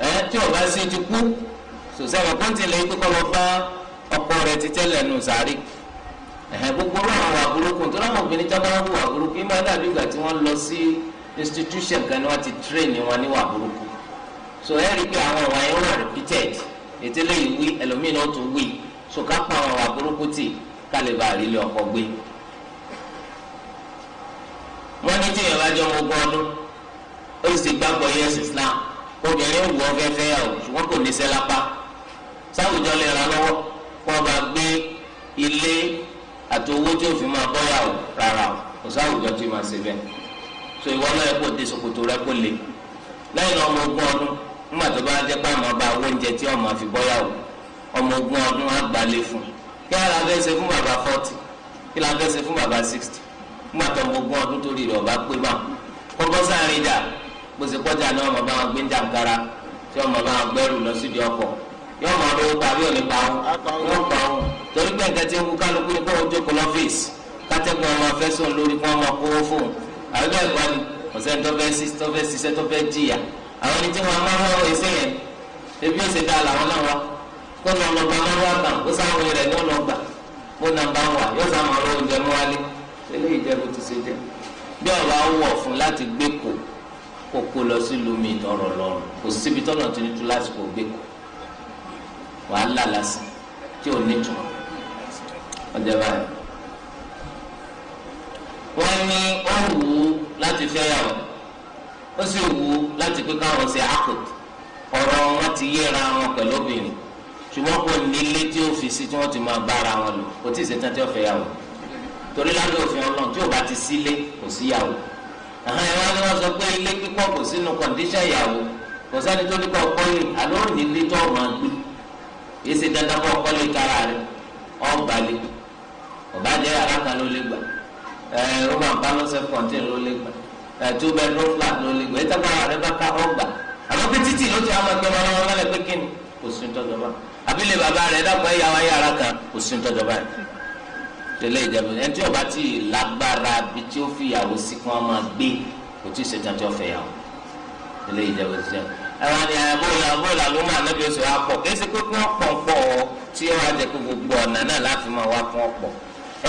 [SPEAKER 1] ẹ̀ tí o bá sí ti kú sòsẹ́yìn ọ̀pọ̀ ti kọ́ lọ bá ọkọ rẹ ti tẹ́lẹ̀ nù sáré gbogbo ọlọ́run wà burúkú tó lọ́mọ obìnrin tó bá wù wà ìmọ̀ tí wọ́n lọ sí institution kan ni ti train wọn ní so ẹ̀ rí i pé àwọn ọ̀wá yẹn wà repeated ètò eléyìí wí ẹlòmíì náà tún wí so ká pa àwọn tì ká lè bá gbé wọ́n ní tí bá ó sì gbàgbọ́ yẹ́sì Islam obìnrin wù ọ́ fẹ́ fẹ́ yà ó ṣùgbọ́n kò ní sẹ́lápá sáwùjọ lè ra lọ́wọ́ kó o bá gbé ilé àti owó tí o fi máa bọ́ yà ó rárá o kò sáwùjọ tí o máa ṣe bẹ́ẹ̀ so ìwọ náà kò dé ṣòkòtò rẹ kó le lẹ́yìn ọmọ ogún ọdún nígbà tó bá jẹ́ pé àmọ́ bá oúnjẹ tí ọmọ fi bọ́ yà ó ọmọ ogún ọdún á gbalẹ̀ fún kí ara fẹ́ ṣe fún bàbá forty kí la fẹ́ ṣe fún bàbá sixty nígbà tó ọmọ ogún ọdún tó rí pé bá kọ́kọ́ sáré dáa bó ṣe kọjá ni ọmọ bá wọn gbé ń jàǹkara tí ọmọ bá wọn gbẹrù lọ síbi ọkọ̀ yọ ọmọ ọdún wọn pàbí òní pa wọn wọn pa wọn torí pé nǹkan tí ń kú kálukú ni kó wọn jókòó lọ́fíìsì kátẹ́gùn ọmọ fẹ́ sùn lórí kó wọn máa kówó fóun àwọn ẹgbẹ́ ìgbà ni ọ̀sẹ̀ tó fẹ́ sí tó fẹ́ ṣiṣẹ́ tó fẹ́ jìyà àwọn ẹni tí wọn máa wọ́n ẹsẹ̀ yẹn ebi ó dá làwọn náà wá kó ọmọ bá máa wá gbà kó sáwọn rẹ̀ ní ọ̀nà kó nà wà yóò sáwọn kó kó lọ sí lumi tọrọ lọrùn kò síbi tọ́nà tó ní tu láti kò gbé kọ wàhálà lásán tí ò ní tún ọjọ́ báyìí. wọ́n ní ó wù ú láti fẹ́yàwó ó sì wù ú láti pé káwọn ṣe àkùt ọ̀rọ̀ wọn ti yéra wọn pẹ̀lú obìnrin ṣùgbọ́n kò nílé tí ó fi sí tí wọ́n ti máa bára wọn lò kò tí ì ṣe tán tí ó fẹ́yàwó torí lábẹ́ òfin ọlọ́run tí ò bá ti sílé kò síyàwó. Si àwọn ẹ̀rọ ni wọ́n sọ pé ilé kíkọ́ kò sínú kọ̀ǹdíṣà ìyàwó kò sẹ́ni tó ní kọ́ kọ́lé àlọ́ òní ilé tó ọmọ gbé èsì dandan kọ́ kọ́lé kára rẹ ọ̀gbálẹ̀ ọ̀bàjẹ́ aláta ló lè gbà ẹ̀ ọba nǹkan lọ́sẹ̀ ló lè gbà ẹ̀ tó bẹ́ẹ̀ ló ló lè gbà ètò bá ká ọgbà pé títì ló ti àwọn wọn wọn pé kíni kò sí àbílẹ̀ bàbá rẹ ara tẹ́lẹ̀ ìjẹbù ẹni tí ó bá ti lágbára bí tí ó fìyàwó sí kí wọn máa gbé kò tí ì ṣe tàǹtí ọfẹ yàwó tẹ́lẹ̀ ìjẹbù ti jẹ ẹwà ni àbóyá àbóyá ló máa lẹbi oṣù àpọ kéésì pé kí wọn pọ̀ pọ̀ tí ó wá jẹ kó gbogbo ọ̀nà náà láti máa wá fún ọ̀pọ̀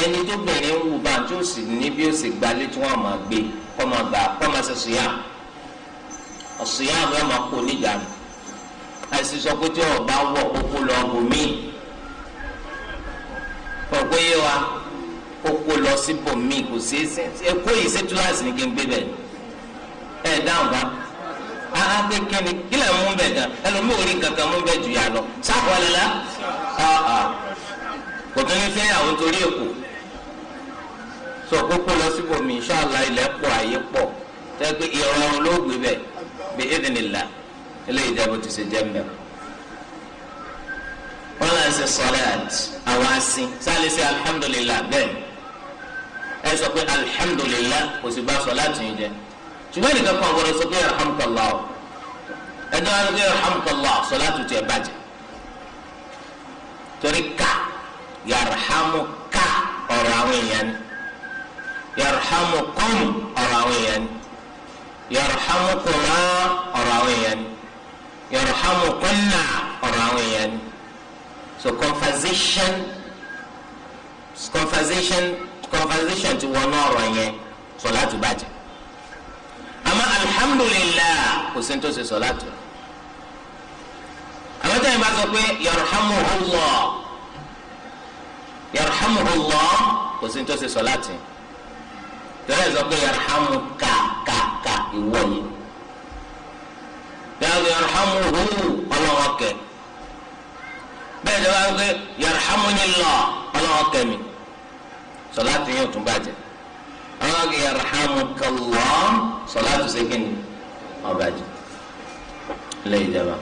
[SPEAKER 1] ẹni tó bẹ̀rẹ̀ ń wù bá tí o sì ní bí ó sì gbalé tí wọn máa gbé kọ́ máa gbà kọ́ máa ṣe ṣùyà ọ̀ṣùyà ọ̀pọ̀ yé wa kókó lọ sí bòmí kò sí ẹkọ yìí ṣètò láti ní kéńgbé bẹ ẹ dáhùn bá aha pé kíni kílẹ̀ mú bẹ̀ gan ẹlòmíì ò rí kankan mú bẹ̀ jù yà lọ sákòlélá kò tún ní fẹ́yàwó torí èkó sọ kókó lọ sí bòmí inṣàlá ilẹ̀ pọ̀ àyè pọ̀ tẹ́ pé ìrọ̀rùn ló gbé bẹ̀ bí idinillah eléyìí jẹ́ bó ti ṣe jẹ́ mbẹ́ wọn là ń ṣe sọlẹt àwọn asin sáàlì sí alihamudulilá bẹ́ẹ̀ ẹ sọ pé alihamudulilá kò sì bá sọlẹt yìí jẹ ṣùgbọ́n nìkan kan gbọdọ̀ sọ pé alihamudulilá ẹ dọ́wọ́ sọ pé alihamudulilá sọlẹt tiẹ̀ bàjẹ́ torí ká yàrhamu ká ọ̀rọ̀ àwọn èèyàn yàrhamu kọ́mù ọ̀rọ̀ àwọn èèyàn yàrhamu kùnà ọ̀rọ̀ àwọn èèyàn yàrhamu kùnà ọ̀rọ̀ àwọn èèyàn so conversation conversation conversation ti wọnú ọ̀rọ̀ yẹn sọláàtù bàjẹ́ àmọ́ alhamdulillah kò sí ní tó ṣe sọláàtù àwọn tẹ̀yìn bá sọ pé yarhamuhullah yarhamuhullah kò sí ní tó ṣe sọláàtù tẹ̀lé sọ pé yarhamu ka ka ka ìwọ yìí tẹ̀lé yarhamuhu ọlọ́wọ́ kẹ̀kẹ́ bẹ́ẹ̀ ni wọ́n á gbé yarhamunillah ọlọ́wọ́ kẹ́mi sọláàtì yóò tún bàjẹ́ ọlọ́wọ́ kẹ́ yarhamukallah sọláàtì sẹ́kìnì ọ̀bàjẹ́ lẹ́yìn ìjọba.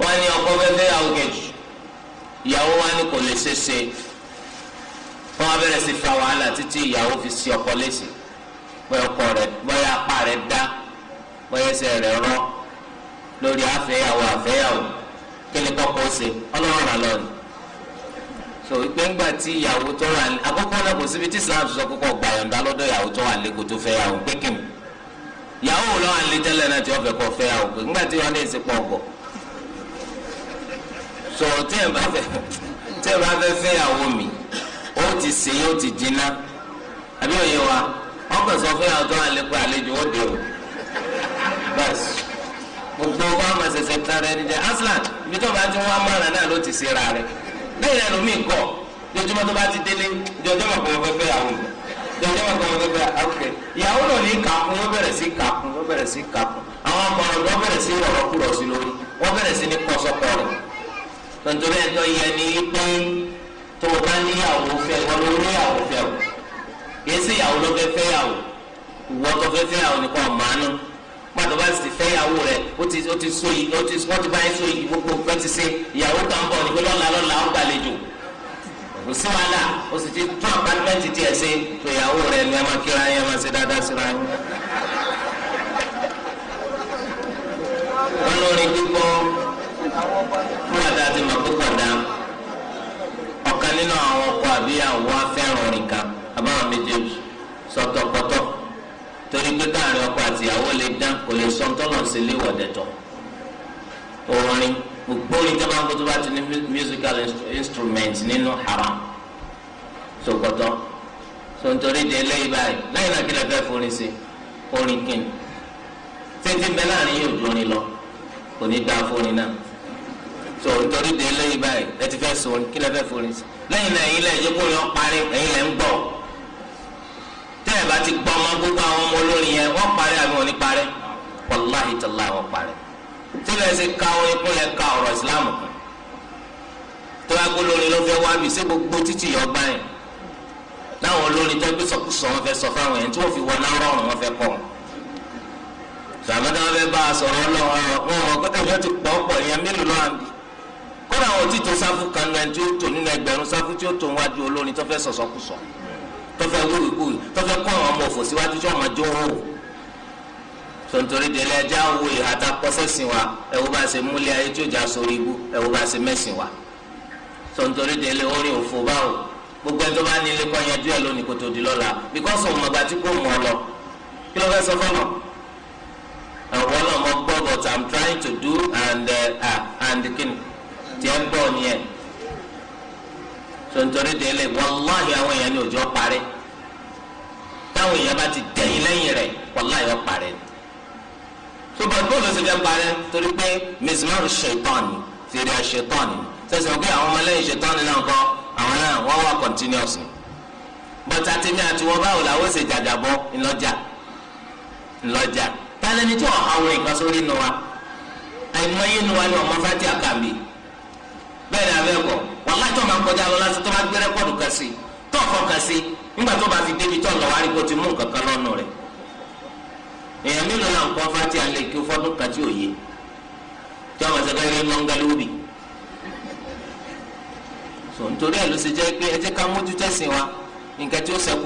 [SPEAKER 1] wọ́n ní ọkọ bẹ́ẹ̀ fẹ́ yàwó kejì ìyàwó wa ni kò lè ṣe ṣe wọ́n á bẹ̀rẹ̀ sí fa wàhálà títí ìyàwó fi sí ọkọ léṣe bọ́yọ̀ ọkọ rẹ̀ bọ́yọ̀ apá rẹ̀ dá bọ́yọ̀ ẹsẹ̀ rẹ̀ rọ́. lórí àfẹ́yàwó àfẹ́yàwó kí ni so ìpè tí ìyàwó tó wà àkọ́kọ́ náà kò síbi tí Islam sọ kókó gba yọ̀ǹda lọ́dọ̀ ìyàwó tó wà lọ́wọ́ tẹ́lẹ̀ náà tí wọ́n fẹ́ kọ́ pé ńgbà tí wọ́n ní ọ̀gọ̀ so ẹ̀ bá fẹ́ mi ó ti sè é ó ti jiná àbí òye wa wọ́n gbogbo wa ma ṣẹ̀ṣẹ̀ tán rẹ níjẹ aslan ibi tó bá ti wá mọ́ra náà ló ti ṣera rẹ bẹ́ẹ̀ ni ẹlòmíì kọ̀ jọjọmọ tó bá ti délé jọjọmọ kọ́ wọn fẹ́fẹ́ àwọn jọjọmọ kọ́ wọn fẹ́fẹ́ ok ìyàwó náà ní kàkún wọ́n bẹ̀rẹ̀ sí kàkún wọ́n bẹ̀rẹ̀ sí kàkún àwọn ọmọ rẹ wọ́n bẹ̀rẹ̀ sí ọ̀rọ̀ kúrọ̀ sí lórí wọ́n bẹ̀rẹ̀ sí ní kọ́sọ́kọ́ rẹ tọ́ntọ́n bẹ́ẹ̀ tọ́ yẹ ní pé tó o bá níyàwó fẹ́ wọn ló níyàwó fẹ́ o kì í sí ìyàwó ló fẹ́ fẹ́ yàwó ìwọ tó fẹ́ fẹ́ yàwó nìkan màánú pàtó bá sì fẹ́ ìyàwó rẹ̀ ó ti ó ti so yìí ó ti wọ́n ti bá yín so yìí gbogbo nǹkan ti ṣe ìyàwó kan bọ̀ nígbẹ́ lọ́la lọ́la ó gbàlejò kò sí wàhálà ó sì ti tún àpáńtẹ́ǹtì tiẹ̀ ṣe tó ìyàwó rẹ̀ ni ẹ máa kíra yín ẹ máa ṣe dáadáa síra yín. wọ́n lórí kíkọ́ fúlàdà ti mọ̀ pé kọ̀dá ọ̀kan nínú àwọn ọkọ àbí àwọn afẹ́ràn orin kan àbáwọn méjèèjì sọ̀tọ̀pọ̀tọ̀ torí pé káàrin ọkọ àti ìyàwó lè dán kò lè sọ tọ́lọ̀ sí ilé ìwọ̀dẹ̀tọ̀ orin gbogbo orin tó máa ń kótó bá ti ní musical instrument nínú haram sokoto so nítorí de eléyìí báyìí lẹ́yìn náà kí lè fẹ́ forin sí orin kíni títí bẹ́ẹ̀ láàrin yóò ju orin lọ kò ní dá forin náà so nítorí de eléyìí báyìí ẹ ti fẹ́ sọ orin kí lè fẹ́ forin sí lẹ́yìn náà ẹ̀yin lẹ́yìn yóò kó yọ parí ẹ̀yin lẹ́ gbọ́ tẹ́ ẹ̀ bá ti gbọ́ ọmọ gbogbo àwọn ọmọ olórin yẹn wọ́n parẹ́ àbí wọ́n ní parẹ́ wàláhì tàlá wọ́n parẹ́ tí bẹ́ẹ̀ ṣe ka orin kún ẹ̀ ka ọ̀rọ̀ islam kún tó bá gbó lórin ló fẹ́ wá bí ṣé gbogbo títì yọ bá yẹn láwọn olórin tó gbé sọkúsọ wọn fẹ́ sọ fáwọn yẹn tí wọ́n fi wọn náà rọrùn wọn fẹ́ kọ́ wọn sàmọ́tà wọn fẹ́ bá a sọ̀rọ̀ ọlọ́run wọn wọn kọ́tà ti tó sáfù kan náà tí ó tò nínú ẹgbẹ̀rún sáfù tí ó tò níwájú olórin tó fẹ́ sọ̀sọ́kùsọ̀ tọ́fẹ́ wíwìkúwì tọ́fẹ́ kọ́ àwọn ọmọ òfò síwájú tí ọmọ jó wò tontori délé ẹjẹ awo ìhàtà kọsẹsìn wa ẹwọ bá ṣe múlẹ ayé tí ó já sórí ibú ẹwọ bá ṣe mẹsìn wa tontori délé orin òfò báwo gbogbo ẹjọ bá nílé kọ yanjú ẹ lónìí kó tó di lọ́la bíkọ́sì ọmọ ọgbà tí kò mọ̀ ọ lọ kí ló fẹ́ sọ fọlọ àwọn ọlọmọ gbọ́ but i'm trying to do and uh, ah, and kí ni gbọ́ nìyẹn de délé wàláhì àwọn èèyàn o òjò parẹ́ táwọn èèyàn bá ti dẹ̀yìn lẹ́yìn rẹ̀ wàláhì ó parẹ́ sọgbà bóòlù sì fẹ́ parẹ́ torí pé mizmar shaitan fèrè shaitan sẹsẹ pé àwọn ọmọlẹ́yìn shaitan náà kọ́ àwọn náà wọ́n wà continuous ni bọ́tà tèmi àti wọn báwo làwọn ṣe jàjàbọ́ ńlọ́jà ńlọ́jà tálẹ́ni tí wọ́n àwọn nǹkan sórí nu wa àìmọye nu wa ni ọmọ fati àkàmì bẹ́ẹ̀ ni abẹ́kọ̀ọ́. wàláhì tó máa ń kọjá lọ láti tó máa gbé rẹ́kọ̀dù kan sí tó sí nígbà tó bá fi débi tó lọ wá ti mú nǹkan kan lọ́nà rẹ̀ èèyàn mélòó náà ń fati alẹ́ kí fọ́dún kan tí ò yé tí wọ́n ti dárí lọ́ngàlóbì so nítorí ẹ̀ ló ṣe jẹ́ pé ẹ ká mójú tẹ̀sìn wa nǹkan wa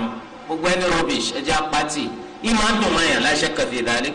[SPEAKER 1] nu gbogbo ẹni rubbish ẹ apáti ìmọ̀ ń dùn mọ́yàn láṣẹ kẹfì ìdálẹ́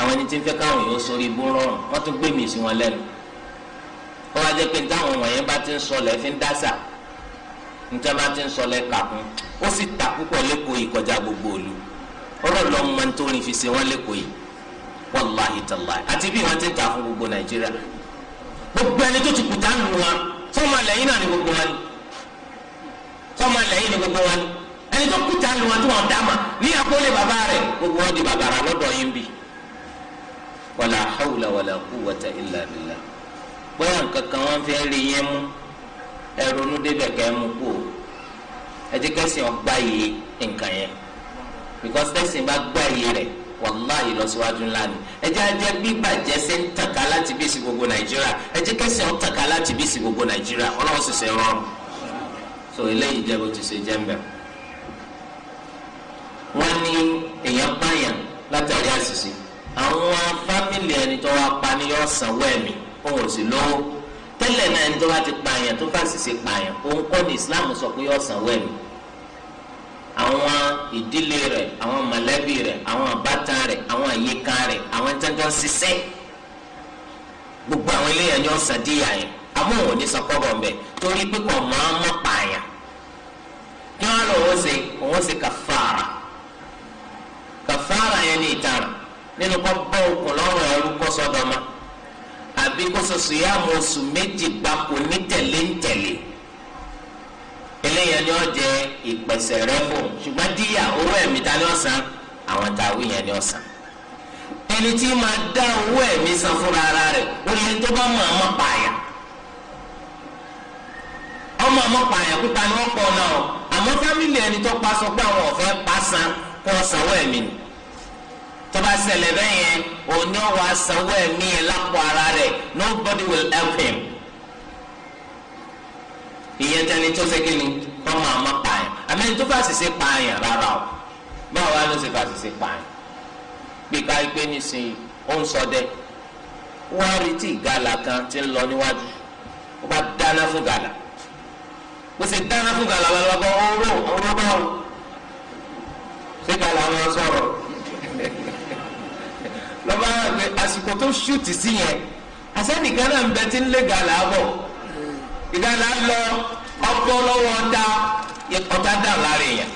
[SPEAKER 1] àwọn ẹni tí ń fẹ́ káwọn yóò sórí ibú rọrùn wọ́n tún gbé mi sí wọn lẹ́nu wọ́n wá jẹ́ pé táwọn wọ̀nyẹn bá ti ń sọlẹ̀ fi ń dásà níta bá ti ń sọlẹ̀ kàkún ó sì ta púpọ̀ lẹ́kọ̀ọ́ yìí kọjá gbogbo òlu ọ̀rọ̀ lọ mọ ní torin fi se wọn lẹ́kọ̀ọ́ yìí wàláhi tàláhi àti bí wọ́n ta fún gbogbo nàìjíríà gbogbo ẹni tó ti kùtà wọn wàlà hawla wàlà quwwata illa billah bóyá nǹkan kan wọ́n fẹ́ rí yẹn mú ẹ ronú débẹ̀ kẹ́ ẹ mú kú o ẹ jẹ́ kẹ́sìn ọgbà yìí nǹkan yẹn because tẹ́sìn bá gbà yìí rẹ̀ wàláhì lọ́síwájú ńlá ni ẹjẹ́ ajẹ́ bíbàjẹ́ ṣe ń tàka láti bí sí gbogbo nàìjíríà ẹjẹ́ kẹsẹ̀ ń tàka láti bí sí gbogbo nàìjíríà ọlọ́run sì ṣe rọrùn so eléyìí jẹ́ bó ti ṣe jẹ́ mbẹ́. wọ́n ní èèyàn báyàn látàrí àṣìṣe àwọn fámìlì ẹni tó wá pa ni yọ sanwó ẹ̀mí òun ò sì lówó náà ẹni tó bá ti pààyàn tó bá sì ṣe òun kọ ni Islam sọ pé yọ sanwó ẹ̀mí àwọn ìdílé rẹ̀ àwọn mọ̀lẹ́bí rẹ̀ àwọn àbátan rẹ̀ àwọn àyíká rẹ̀ àwọn jẹjọ́ gbogbo àwọn eléyàn ni ọsa díyà yẹn òun ní sọ torí máa pààyàn lọ òun ṣe òun ṣe kàfàrà kàfàrà yẹn ní nínú kọ́ bọ́ okùn lọ́rùn ẹrú kọ́ sọ́dọ̀mà àbí kó soso yá mu oṣù méjì gbáko ní tẹ̀lé ń tẹ̀lé eléyẹn ni ó jẹ ìpẹ̀sẹ̀ rẹ fún ṣùgbọ́n díyà owó ẹ̀mí ta ni ó san àwọn tá a wí yẹn ni ó san ẹni tí máa dá owó ẹ̀mí san fúnra ara rẹ̀ ó lè tó bá mọ̀ ọmọ pààyà ọmọ ọmọ pààyà pípa ni wọ́n pọ̀ náà àmọ́ fámìlì ẹni tó pa sọ pé àwọn ọ̀fẹ́ pa san kó ọ̀sán owó ẹ̀mí ni tó bá bẹ́ẹ̀ yẹn òní ọ̀wọ́ asanwó ẹ̀mí yẹn lápò ara rẹ̀ nobody will help him. ìyẹn tẹni tó ṣe kíni tó máa ma pààyàn àmì ẹni tó bá sì ṣe pààyàn rárá o báwo wá ló ṣe fà sì ṣe pààyàn. gbígbá gbé nísìnyí ó ń ṣọdẹ wọ́n á rí tí ìgalà kan ti ń lọ níwájú ó bá dáná fún gàlà ó sì dáná fún gàlà wọn ó rò ó rò báwo ṣé gàlà wọn sọ̀rọ̀ lọ́ba àgbẹ̀ àsìkò tó ṣùtì sí yẹn àsẹ́nìkan náà ń bẹ tí ń lé gàlà bọ̀ ìgàlà lọ ọkọ lọ́wọ́ ọ̀tá ọ̀tá dà láàrin yẹn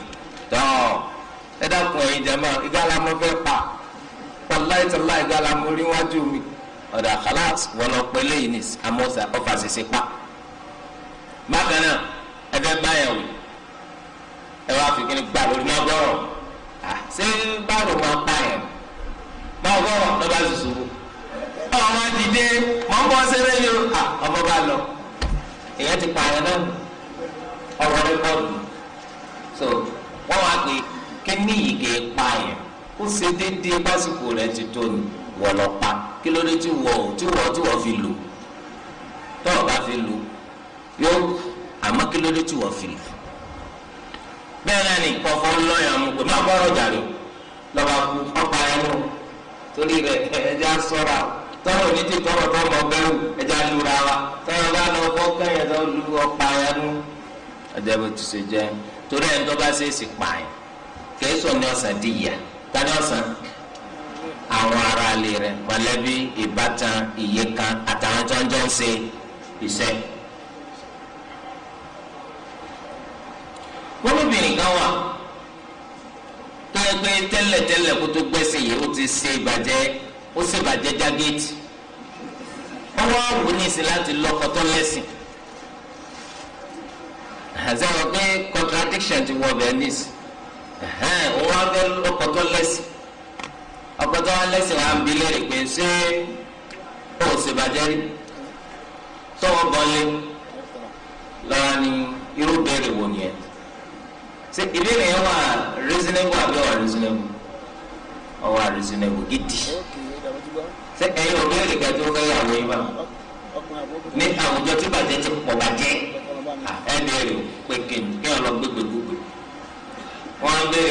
[SPEAKER 1] tọ́ ẹ dákun ẹ̀yin jẹ́mọ́ ìgàlà mo fẹ́ pa wàláyé tọ́lá ìgàlà mo rí wájú mi ọ̀dà kàlás wọlọ pẹ̀lẹ́ yìí ní amọ́sà ọ̀fà ṣẹṣẹ pa bákan náà ẹ fẹ́ báyà wò ẹ wá fi kíni gbà lórí má gbọ́rọ̀ ṣé báwo máa báyà wò gbọ́gọ́rọ̀ lọ́ba zùzùrù ọmọ dìde mọ̀ ń bọ́ sẹ́rẹ́ yìí ó ọmọ bá lọ èyàn ti pààyàn náà ọ̀rọ̀ rẹ́kọ̀dù so wọ́n wá pé kíní yìí kì í pààyàn ó ṣe déédéé básìkò rẹ̀ ti tó ni wọ́n lọ pa kí ló dé tí wọ́ tí wọ́ tí wọ́ fi lò tọ́ ọ bá fi lò yóò àmọ́ kí ló dé tí wọ́ fi lò bẹ́ẹ̀ náà ni kọ̀ọ̀kan lọ́ọ̀yà mú pé má bọ́rọ̀ jàre lọ́ba kú ọ̀pá ẹ̀ náà torí rẹ̀ ẹja sọ́ra tọ́wọ́ ní ti tọ́wọ́ tọ́wọ́ mọ bẹ́rù ẹja lura wa tọ́wọ́ bá lọ fọ́ kẹ́yìn tó lu ọ̀pá yẹn nú. ọjà bó ti ṣe jẹ torí ẹni tó bá ṣe é sì pààyàn kẹsàn ni ọ̀sán di ìyà tani ọ̀sán àwọn ará ilé rẹ̀ mọ̀lẹ́bí ìbátan ìyèkan àtàwọn tó ń jọ ń ṣe iṣẹ́. wọ́n lóbìnrin kan wà tó yẹ pé tẹ́lẹ̀tẹ́lẹ̀ kó tó gbẹ́sìn yìí ó ti ṣe ìbàjẹ́ ó ṣe ìbàjẹ́ jágéètì ọwọ́ àwò ní ìsìn láti tó lẹ́sìn àzẹ́wọ̀n pé contradiction ti wọ bẹ́ẹ̀ nísì òun á fẹ́ lọ́kọ tó lẹ́sìn ọkọ tó wá lẹ́sìn wá ń bi léèrè pé ṣé ó ṣe ìbàjẹ́ rí tọ́wọ́ bọ́lé lọ́wọ́ ni irú béèrè wò nìyẹn se ìbéèrè yẹn wà reasonable àbí wà reasonable ọwà reasonable gidi ṣe ẹ̀yin ò béèrè kẹtù kẹyà wọ ibà ní àwùjọ tí bàjẹ́ ti pọ̀ bàjẹ́ ẹ̀ béèrè pé kí ni kí wọ́n lọ gbégbé gbogbo wọ́n béèrè.